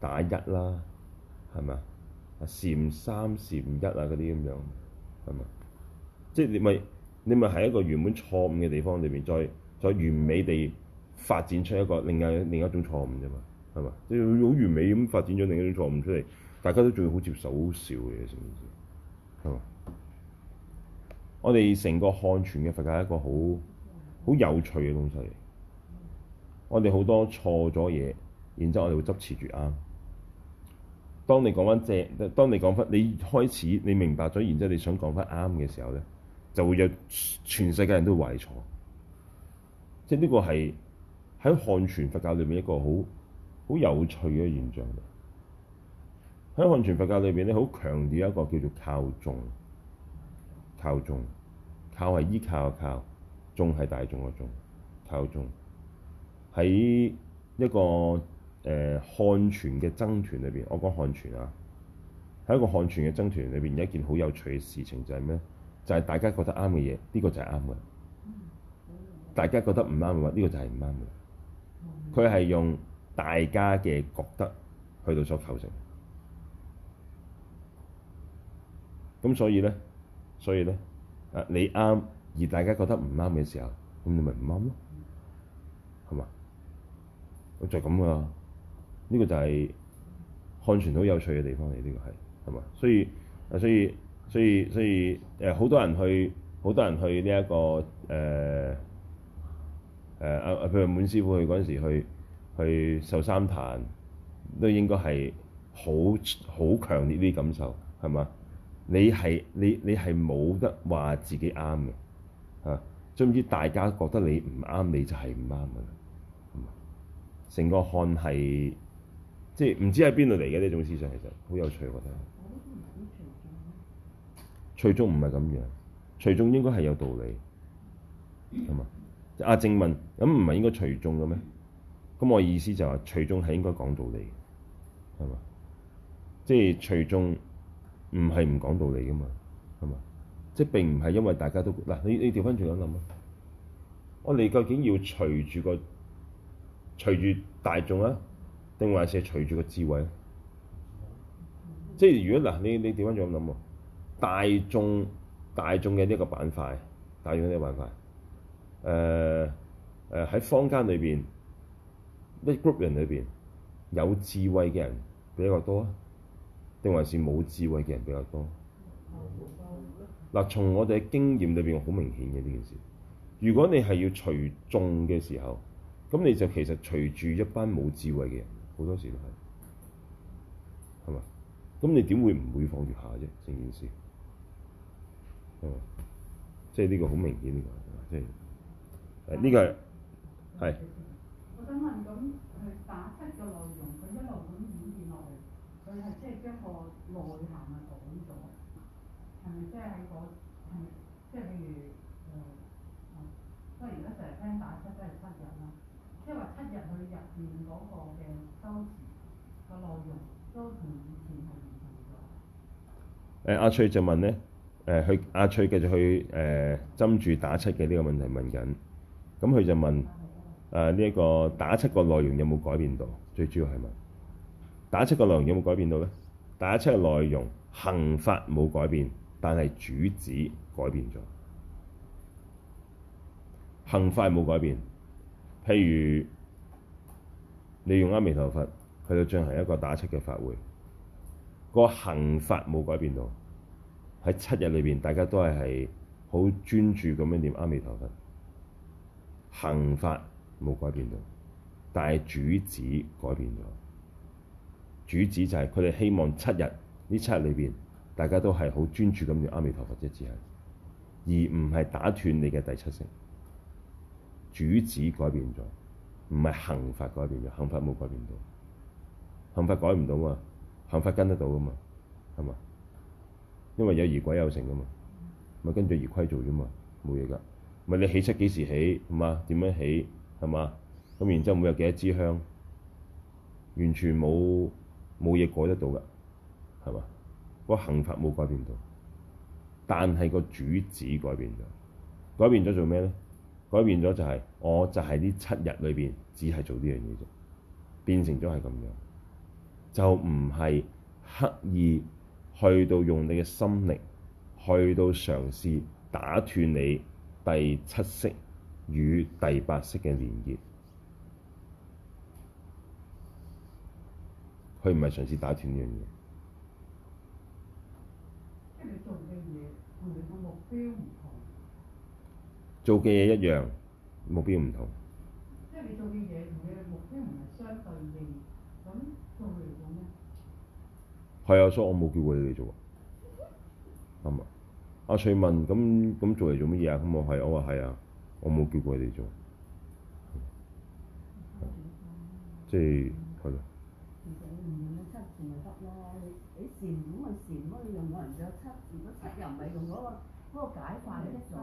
打一啦，係咪啊？啊，禪三禪一啊，嗰啲咁樣，係咪？即係你咪你咪喺一個原本錯誤嘅地方裏邊，再再完美地發展出一個另外另一種錯誤啫嘛，係嘛？即係好完美咁發展咗另一種錯誤出嚟，大家都仲要好接受好笑嘅嘢，知唔知？係嘛？我哋成個漢傳嘅佛教係一個好好有趣嘅東西嚟。我哋好多錯咗嘢，然之後我哋會執持住啱。當你講返，正當你講返，你開始你明白咗，然之後你想講返啱嘅時候咧，就會有全世界人都懷錯，即係呢個係喺漢傳佛教裏面一個好好有趣嘅現象。喺漢傳佛教裏面咧，好強調一個叫做靠眾，靠眾，靠係依靠嘅靠，眾係大眾嘅眾，靠眾喺一個。誒、呃、漢傳嘅僧團裏邊，我講漢傳啊，喺一個漢傳嘅僧團裏邊，有一件好有趣嘅事情就係咩？就係、是、大家覺得啱嘅嘢，呢、這個就係啱嘅；大家覺得唔啱嘅話，呢、這個就係唔啱嘅。佢係用大家嘅覺得去到所構成。咁所以咧，所以咧，啊你啱，而大家覺得唔啱嘅時候，咁你咪唔啱咯，係嘛？咁就係咁啊。呢個就係漢傳好有趣嘅地方嚟，呢個係係嘛？所以啊，所以所以所以誒，好多人去，好多人去呢一個誒誒啊！譬如滿師傅去嗰陣時去去受三壇，都應該係好好強烈啲感受，係嘛？你係你你係冇得話自己啱嘅，嚇！總之大家覺得你唔啱，你就係唔啱嘅，咁啊，成個漢係。即係唔知喺邊度嚟嘅呢種思想，其實好有趣，我覺得。唔係隨眾唔係咁樣，隨眾應該係有道理，係嘛？阿 正問：咁唔係應該隨眾嘅咩？咁 我的意思就係話，隨眾係應該講道理，係嘛？即係隨眾唔係唔講道理㗎嘛？係嘛？即係並唔係因為大家都嗱，你你調翻轉嚟諗啊！我哋究竟要隨住個隨住大眾啊？定還是係隨住個智慧、嗯嗯、即係如果嗱，你你點樣樣諗喎？大眾大眾嘅呢個板塊，大眾呢個板塊，誒誒喺坊間裏邊一 group 人裏邊，有智慧嘅人比較多啊，定還是冇智慧嘅人比較多？嗱、嗯嗯，從我哋嘅經驗裏邊，好明顯嘅呢件事。如果你係要隨眾嘅時候，咁你就其實隨住一班冇智慧嘅人。好多時都係，係咪？咁你點會唔會放住下啫？成件事，係咪？即係呢個好明顯的，呢個即係，呢個係，我想問咁，佢打出嘅內容，佢一路咁演變落嚟，佢係即係將個內涵啊講咗，係咪即係喺嗰即係譬如誒，啊、嗯，而家成日聽打出。因為七日佢入邊嗰個嘅修辭個內容都同以前係唔同咗。誒阿翠就問咧，誒去阿翠繼續去誒針住打七嘅呢個問題問緊，咁佢就問誒呢一個打七個內容有冇改變到？最主要係問打七個內容有冇改變到咧？打七嘅內容行法冇改變，但係主旨改變咗。行法冇改變。譬如你用阿彌陀佛去進行一個打七嘅法會，個行法冇改變到，喺七日裏邊，大家都係好專注咁樣念阿彌陀佛，行法冇改變到，但係主旨改變咗。主旨就係佢哋希望七日呢七日裏邊，大家都係好專注咁念阿彌陀佛嘅字眼，而唔係打斷你嘅第七性。主旨改變咗，唔係行法改變咗，行法冇改變到，行法改唔到嘛，行法跟得到㗎嘛，係嘛？因為有儀軌有成㗎嘛，咪跟住儀規做啫嘛，冇嘢㗎。咪你起七幾時起，係嘛？點樣起，係嘛？咁然之後每日幾多支香，完全冇冇嘢改得到㗎，係嘛？個行法冇改變到，但係個主旨改變咗，改變咗做咩咧？改變咗就係、是，我就係呢七日裏邊只係做呢樣嘢啫，變成咗係咁樣，就唔係刻意去到用你嘅心力去到嘗試打斷你第七式與第八式嘅連結，佢唔係嘗試打斷呢樣嘢。做嘅嘢一樣，目標唔同。即係你做嘅嘢同你嘅目標唔係相對應，咁對佢嚟講咧？係啊，所以我冇叫過你哋做。啱 啊！阿翠問：咁咁做嚟做乜嘢啊？咁我係我話係啊，我冇叫過你哋做。即係係咯。七又唔係用嗰嗰、那個、解法唔一樣，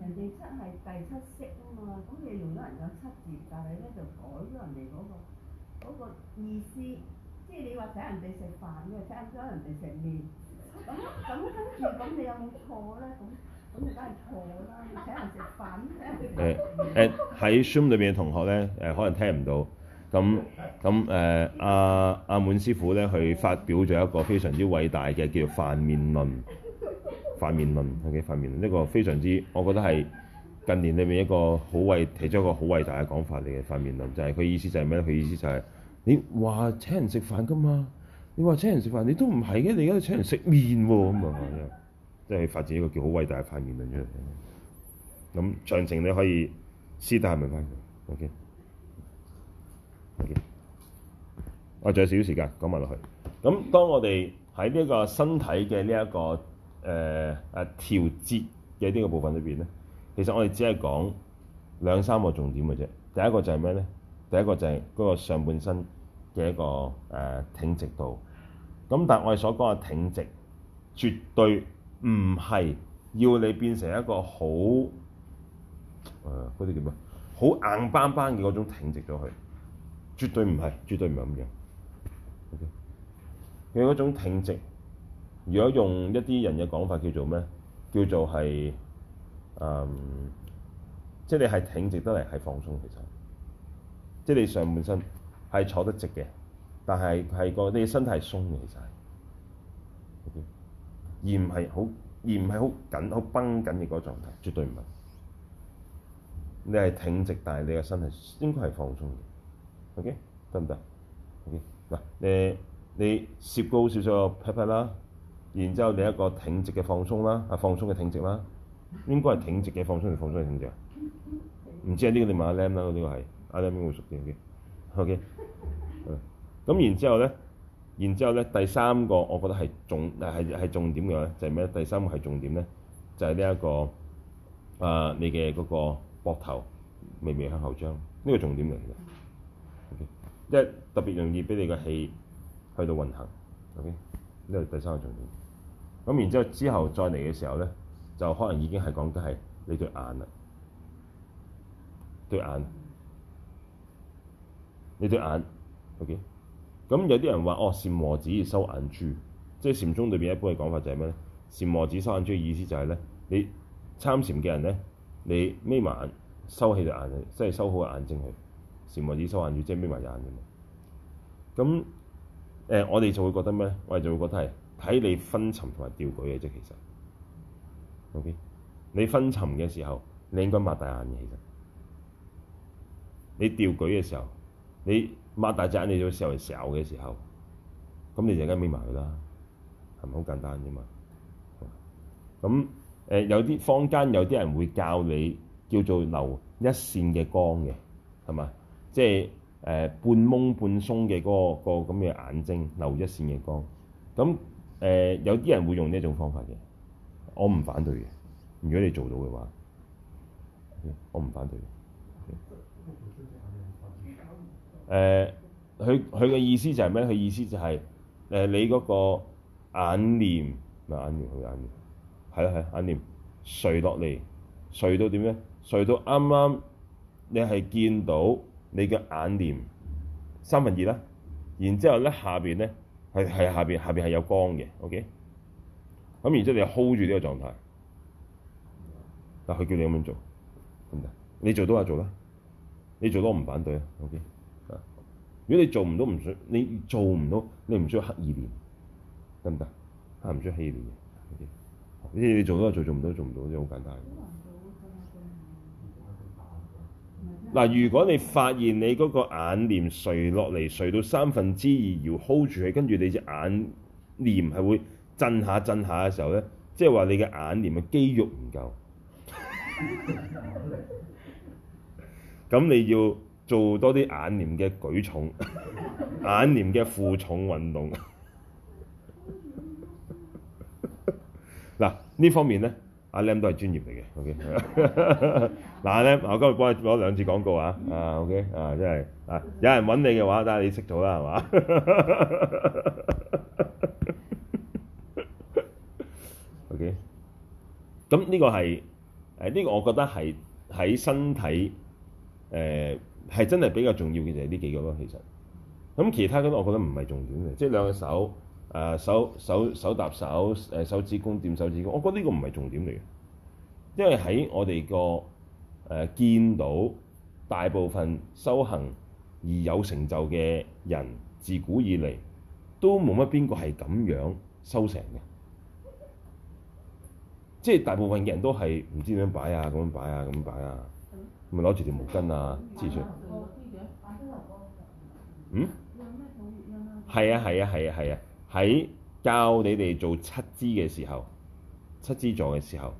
人哋七係第七式啊嘛，咁你用咗人哋七字，但係咧就改咗人哋嗰、那個那個意思，即、就、係、是、你話請人哋食飯，你話請咗人哋食麵，咁咁跟住咁你有冇錯咧？咁咁你梗係錯啦！你請人食飯。誒、欸、誒，喺 Zoom 裏邊嘅同學咧，誒、欸、可能聽唔到。咁咁誒，阿阿滿師傅咧，佢發表咗一個非常之偉大嘅叫《飯麵論。》 塊面論係嘅塊面論呢個非常之，我覺得係近年裏面一個好偉提出一個好偉大嘅講法嚟嘅塊面論，就係、是、佢意,意思就係咩咧？佢意思就係你話請人食飯㗎嘛？你話請人食飯，你都唔係嘅，你而家請人食麵喎咁啊，即係、就是、發展一個叫好偉大嘅塊面論出嚟。咁詳情，你可以私底下咪翻佢。O.K. O.K. 我、啊、仲有少少時間講埋落去。咁當我哋喺呢一個身體嘅呢一個。誒、呃、啊調節嘅呢個部分裏邊咧，其實我哋只係講兩三個重點嘅啫。第一個就係咩咧？第一個就係嗰個上半身嘅一個誒、呃、挺直度。咁但係我哋所講嘅挺直，絕對唔係要你變成一個好誒嗰啲叫咩？好、呃、硬邦邦嘅嗰種挺直咗去，絕對唔係，絕對唔係咁樣。O.K. 佢嗰種挺直。如果用一啲人嘅講法叫什麼，叫做咩？叫做係嗯，即、就、係、是、你係挺直得嚟，係放鬆其實。即、就、係、是、你上半身係坐得直嘅，但係係個你身體係鬆嘅，其實係。O.K.，而唔係好而唔係好緊好崩緊嘅嗰個狀態，絕對唔係。你係挺直，但係你嘅身體應該係放鬆嘅。O.K.，得唔得？O.K. 嗱，誒你攝高少少，個 pat pat 啦。然之後，你一個挺直嘅放鬆啦，啊，放鬆嘅挺直啦，應該係挺直嘅放鬆定放鬆嘅挺直唔、嗯嗯嗯、知啊，呢、這個你問阿 Lam 啦，呢、這個係阿 Lam 邊會熟啲？O K，咁然之後咧，然之後咧，第三個我覺得係重係係重點嘅咧，就係、是、咩第三個係重點咧，就係呢一個啊、呃，你嘅嗰個膊頭微微向後張，呢、這個重點嚟嘅。O K，即係特別容易俾你嘅氣去到運行。O K，呢個係第三個重點。咁然之後之後再嚟嘅時候咧，就可能已經係講緊係你對眼啦，對眼，你對眼，OK。咁有啲人話：哦，禪磨子收眼珠，即係禪宗裏邊一般嘅講法就係咩咧？禪磨子收眼珠嘅意思就係咧，你參禪嘅人咧，你眯埋眼收起對眼，即係收好個眼睛去。禪磨子收眼珠即係眯埋隻眼啫嘛。咁誒，我哋就會覺得咩？我哋就會覺得係。睇你昏沉同埋掉舉嘅啫，其實，OK，你昏沉嘅時候，你應該擘大眼嘅，其實，你掉舉嘅時候，你擘大隻眼，你就成日嚟嘅時候，咁你就陣間眯埋佢啦，係咪好簡單啫嘛？咁誒，有啲坊間有啲人會教你叫做留一線嘅光嘅，係嘛？即係誒半矇半鬆嘅嗰個、嗰個咁嘅眼睛留一線嘅光，咁。誒、呃、有啲人會用呢一種方法嘅，我唔反對嘅。如果你做到嘅話，我唔反對嘅。佢佢嘅意思就係咩？佢意思就係、是、誒、呃，你嗰個眼簾咪眼簾，好眼簾，係咯係眼簾，垂落嚟，垂、啊、到點咧？垂到啱啱你係見到你嘅眼簾三分二啦，然後之後咧下邊咧？係係下邊下邊係有光嘅，OK。咁然之後你 hold 住呢個狀態，嗱佢叫你咁樣做，得唔得？你做到就做啦，你做到唔反對啊，OK。啊，如果你做唔到唔想你做唔到，你唔需要刻意練，得唔得？嚇唔需要刻意練嘅，OK。你做到就,就做，做唔到就做唔到，即係好簡單嗱，如果你發現你嗰個眼簾垂落嚟，垂到三分之二，要 hold 住佢，跟住你隻眼簾係會震下震下嘅時候咧，即係話你嘅眼簾嘅肌肉唔夠，咁 你要做多啲眼簾嘅舉重、眼簾嘅負重運動。嗱，呢方面咧。阿 Lam 都係專業嚟嘅，OK。嗱，阿 Lam，我今日幫你攞兩次廣告 啊，啊 OK，啊真係啊，有人揾你嘅話，但係你識做啦，係 嘛？OK。咁、這、呢個係誒呢個，我覺得係喺身體誒係、呃、真係比較重要嘅，就係呢幾個咯。其實咁其他嗰啲我覺得唔係重點嘅，即係兩隻手，誒、啊、手手手，手搭手誒、啊、手指公點手指公。我覺得呢個唔係重點嚟嘅，因為喺我哋個誒見到大部分修行而有成就嘅人，自古以嚟都冇乜邊個係咁樣修成嘅，即係大部分嘅人都係唔知點樣擺啊，咁樣擺啊，咁樣擺啊，咪攞住條毛巾啊，黐住。嗯？係啊係啊係啊係啊！喺教你哋做七支嘅時候，七支座嘅時候，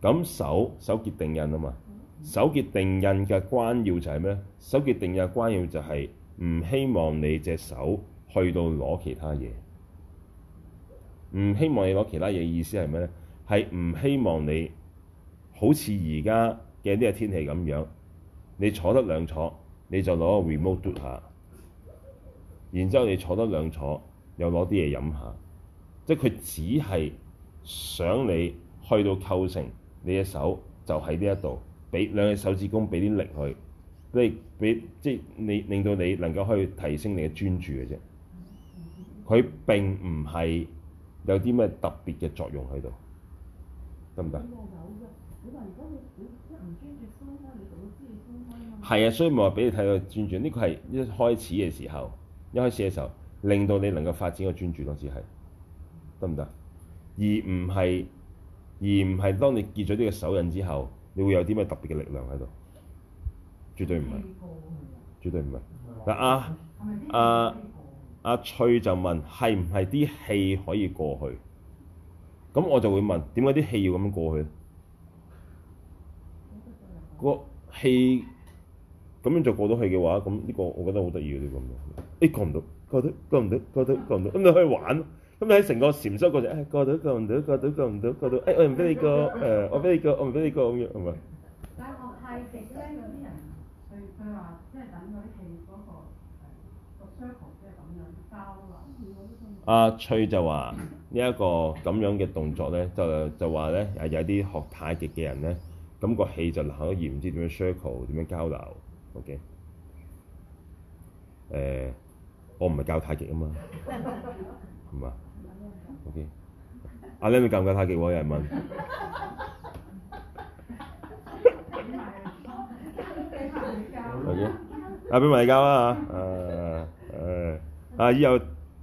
咁手手結定印啊嘛。手結定印嘅關要就係咩咧？手結定印嘅關要就係唔希望你隻手去到攞其他嘢，唔希望你攞其他嘢意思係咩咧？係唔希望你好似而家嘅呢個天氣咁樣，你坐得兩坐你就攞個 remote do 下，然之後你坐得兩坐。又攞啲嘢飲下，即係佢只係想你去到構成，你隻手就喺呢一度，俾兩隻手指公俾啲力去，即係俾即係你令到你能夠去提升你嘅專注嘅啫。佢並唔係有啲咩特別嘅作用喺度，得唔得？係、嗯、啊，所以唔係話俾你睇到專注，呢個係一開始嘅時候，一開始嘅時候。令到你能夠發展個專注咯，只係得唔得？而唔係而唔係，當你結咗呢個手印之後，你會有啲咩特別嘅力量喺度？絕對唔係，絕對唔係嗱。阿阿阿翠就問：係唔係啲氣可以過去？咁我就會問點解啲氣要咁樣過去咧？個氣咁樣就過到去嘅話，咁呢個我覺得好得意嘅呢個，誒、欸、過唔到。過到過唔到，過到過唔到，咁你去玩咯。咁你喺成個禪修過程，誒過到過唔到，過到過唔到，過到，誒、欸、我唔俾你過，誒我俾你過，我唔俾你過咁樣，係咪？但係、那個那個那個啊這個、學太極咧，嗰啲人佢佢話，即係等嗰啲氣嗰個 circle 即係咁樣交流，阿翠就話呢一個咁樣嘅動作咧，就就話咧，有有啲學太極嘅人咧，咁個氣就流以唔知點樣 circle 點樣交流。OK，呃我唔係教太極啊嘛，咁啊 OK 阿靚女教唔教太極喎？有人問。OK，阿表咪教啦嚇，誒啊，啊以後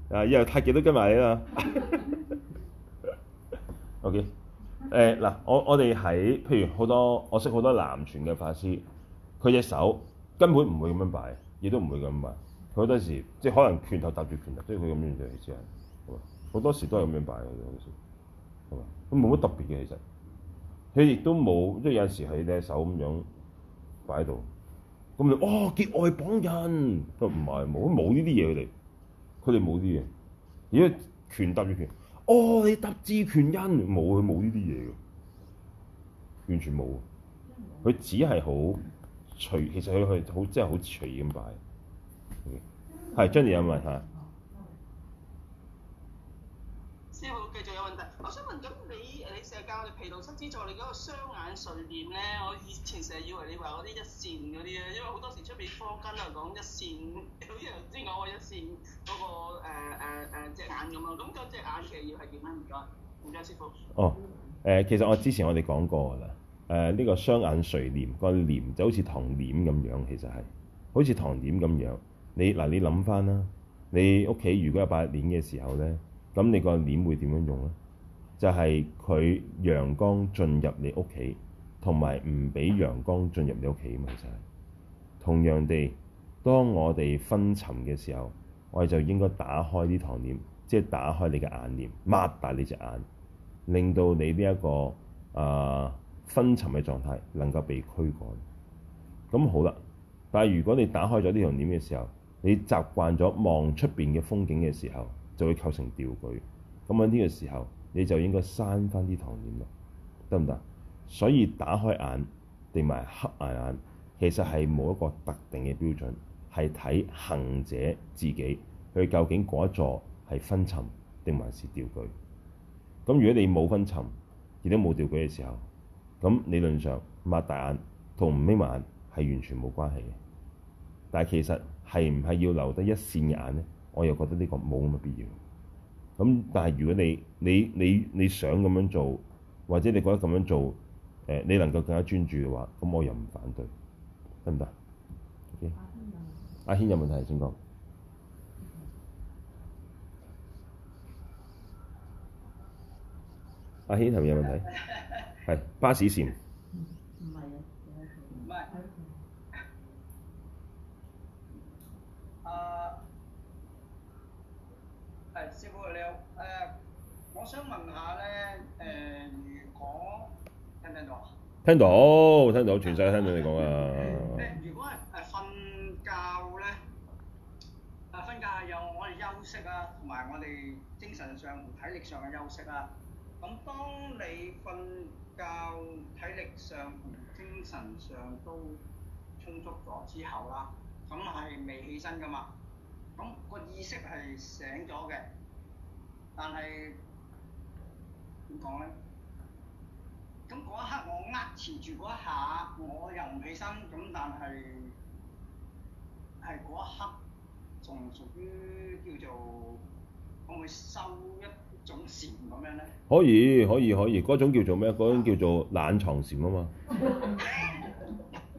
啊以後太極都跟埋、 okay. 啊嘛。OK，誒嗱，我我哋喺譬如好多我識好多南傳嘅法師，佢隻手根本唔會咁樣擺，亦都唔會咁樣擺。佢好多時即係可能拳頭搭住拳頭，即係佢咁樣嘅意思係，好多時都係咁樣擺嘅，其實，係嘛？都冇乜特別嘅，其實，佢亦都冇，即係有時喺隻手咁樣擺喺度，咁你哦，結外綁印，都唔係冇，冇呢啲嘢佢哋，佢哋冇呢啲嘢，而家拳搭住拳，哦你搭字拳印，冇佢冇呢啲嘢嘅，完全冇，佢只係好隨，其實佢係好即係好隨咁擺。係，Jenny 有問題？師傅繼續，有問題，我想問咁，你你成日教我哋疲勞失知助你嗰個雙眼垂簾咧，我以前成日以為你話嗰啲一線嗰啲咧，因為好多時出面科根係講一線，好似人先講我一線嗰個誒誒誒隻眼咁啊。咁嗰隻眼其實要係點咧？唔該，唔該，師傅。哦，誒、呃，其實我之前我哋講過㗎啦。誒、呃，呢、這個雙眼垂簾、那個簾就好似糖簾咁樣，其實係好似糖簾咁樣。你嗱，你諗翻啦。你屋企如果有把簾嘅時候咧，咁你個簾會點樣用咧？就係、是、佢陽光進入你屋企，同埋唔俾陽光進入你屋企咪就曬、是。同樣地，當我哋昏沉嘅時候，我哋就應該打開啲糖簾，即、就、係、是、打開你嘅眼簾，擘大你隻眼，令到你呢、這、一個啊、呃、昏沉嘅狀態能夠被驅趕。咁好啦，但係如果你打開咗呢樣簾嘅時候，你習慣咗望出面嘅風景嘅時候，就會構成掉舉。咁喺呢個時候，你就應該閂翻啲瞳簾落，得唔得？所以打開眼定埋黑埋眼，其實係冇一個特定嘅標準，係睇行者自己佢究竟嗰座係昏沉定還是掉舉。咁如果你冇昏沉亦都冇掉舉嘅時候，咁理論上擘大眼同唔眯埋眼係完全冇關係嘅。但係其實，係唔係要留得一線眼呢？我又覺得呢個冇乜必要。咁但係如果你你你你想咁樣做，或者你覺得咁樣做，誒你能夠更加專注嘅話，咁我又唔反對，得唔得？Okay？阿軒有問題先講、嗯。阿軒係咪有問題，係 巴士線。想問下咧，誒、呃，如果聽唔聽到啊？聽到，聽到，全世聽到你講啊、呃呃呃。如果係誒瞓覺咧，誒瞓覺係有我哋休息啊，同埋我哋精神上同體力上嘅休息啊。咁當你瞓覺體力上同精神上都充足咗之後啦，咁係未起身噶嘛？咁、個意識係醒咗嘅，但係。點講咧？咁嗰一刻我握持住嗰一下，我又唔起身。咁，但係係嗰一刻仲屬於叫做我會收一種禪咁樣咧。可以可以可以，嗰種叫做咩？嗰種叫做懶床禪啊嘛，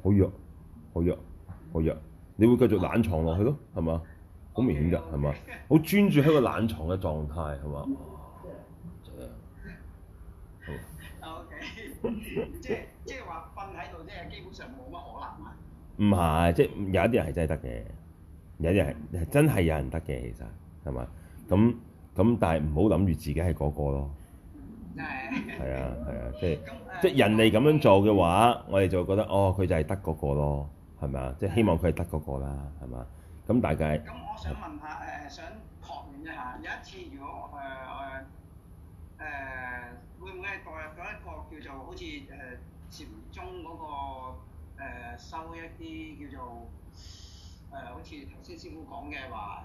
好 弱，好弱，好弱，你會繼續懶床落去咯，係 嘛？好明顯嘅係嘛？好、okay, okay. 專注喺個懶床嘅狀態係嘛？即即係話瞓喺度，即係基本上冇乜可能啊！唔係，即係有一啲人係真係得嘅，有一啲人係真係有人得嘅，其實係嘛？咁咁， 但係唔好諗住自己係嗰個咯。係係啊係啊，即係即係人哋咁樣做嘅話， 我哋就會覺得哦，佢就係得嗰個咯，係咪啊？即 係希望佢係得嗰個啦，係嘛？咁 大家。咁， 我想問下誒、呃，想確認一下，有一次如果誒誒誒。呃呃呃代入咗一個叫做好似誒禪宗嗰個，呃、收一啲叫做誒、呃、好似頭先師傅講嘅話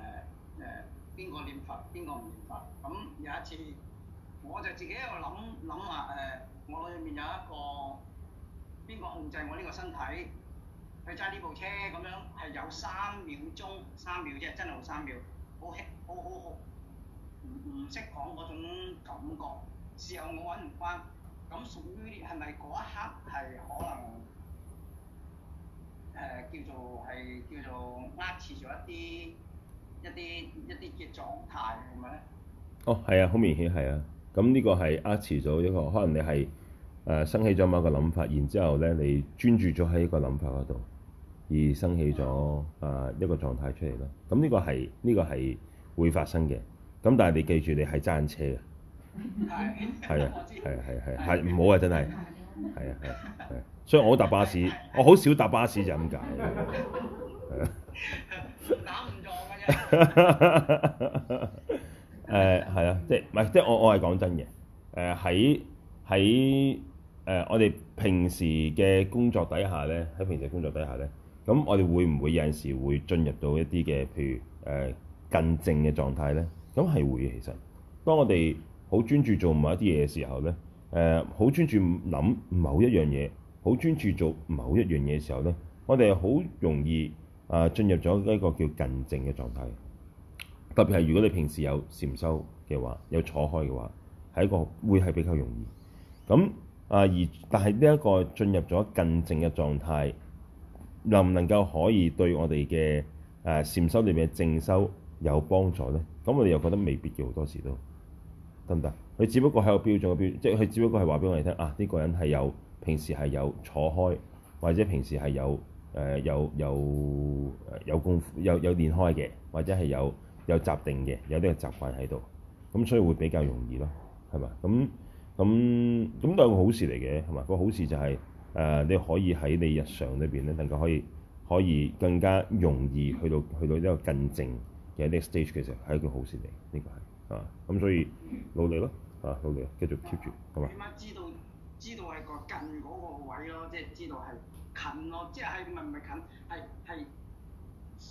誒誒，邊個念佛邊個唔念佛咁有一次我就自己喺度諗諗，話誒我裏面有一個邊個控制我呢個身體去揸呢部車咁樣，係有三秒鐘，三秒啫，真係好三秒，好輕好好好唔，唔識講嗰種感覺。時候我揾唔翻，咁屬於係咪嗰一刻係可能誒、呃、叫做係叫做呃遲咗一啲一啲一啲嘅狀態係咪咧？哦，係啊，好明顯係啊，咁呢個係呃遲咗一個，可能你係誒升起咗某一個諗法，然之後咧你專注咗喺個諗法嗰度，而升起咗啊、嗯呃、一個狀態出嚟咯。咁呢個係呢、呢個係會發生嘅，咁但係你記住你係揸緊車嘅。係 是啊，係 啊，係係係唔好啊！真係係啊，係係、啊，所以、 啊啊、我搭巴士，我好少搭巴士就咁解。搞唔撞嘅啫。誒，係啊，即係唔係？即係、啊啊、我我係講真嘅。誒，喺喺誒，我哋平時嘅工作底下咧，喺平時工作底下咧，咁我哋會唔會有陣時會進入到一啲嘅，譬如誒更靜嘅狀態咧？咁係會其實，當我哋。好專，專，專注做某一啲嘢嘅時候呢，誒好專注諗某一樣嘢，好專注做某一樣嘢嘅時候呢，我哋好容易啊進入咗一個叫近靜嘅狀態。特別係如果你平時有禪修嘅話，有坐開嘅話，係一個會係比較容易。咁啊而但係呢一個進入咗近靜嘅狀態，能唔能夠可以對我哋嘅誒禪修裏面嘅正修有幫助呢？咁我哋又覺得未必要好多時都。得唔得？佢只不過係個標準嘅標準，即係佢只不過係話俾我哋聽啊！呢個人係有平時係有坐開，或者平時係有誒、呃、有有有功夫、有有練開嘅，或者係有有習定嘅，有呢個習慣喺度，咁所以會比較容易咯，係嘛？咁咁咁都係個好事嚟嘅，係嘛？個好事就係、是、誒、呃，你可以喺你日常裏邊咧，能夠可以可以更加容易去到去到呢個更靜嘅呢個 stage 嘅時候，係一個好事嚟，呢個係。啊，咁所以努力咯，啊，努力咯，繼續 keep 住，係、啊、咪？最尾知道，知道係個近嗰個位咯，即係知道係近咯，即係係唔係唔係近，係係。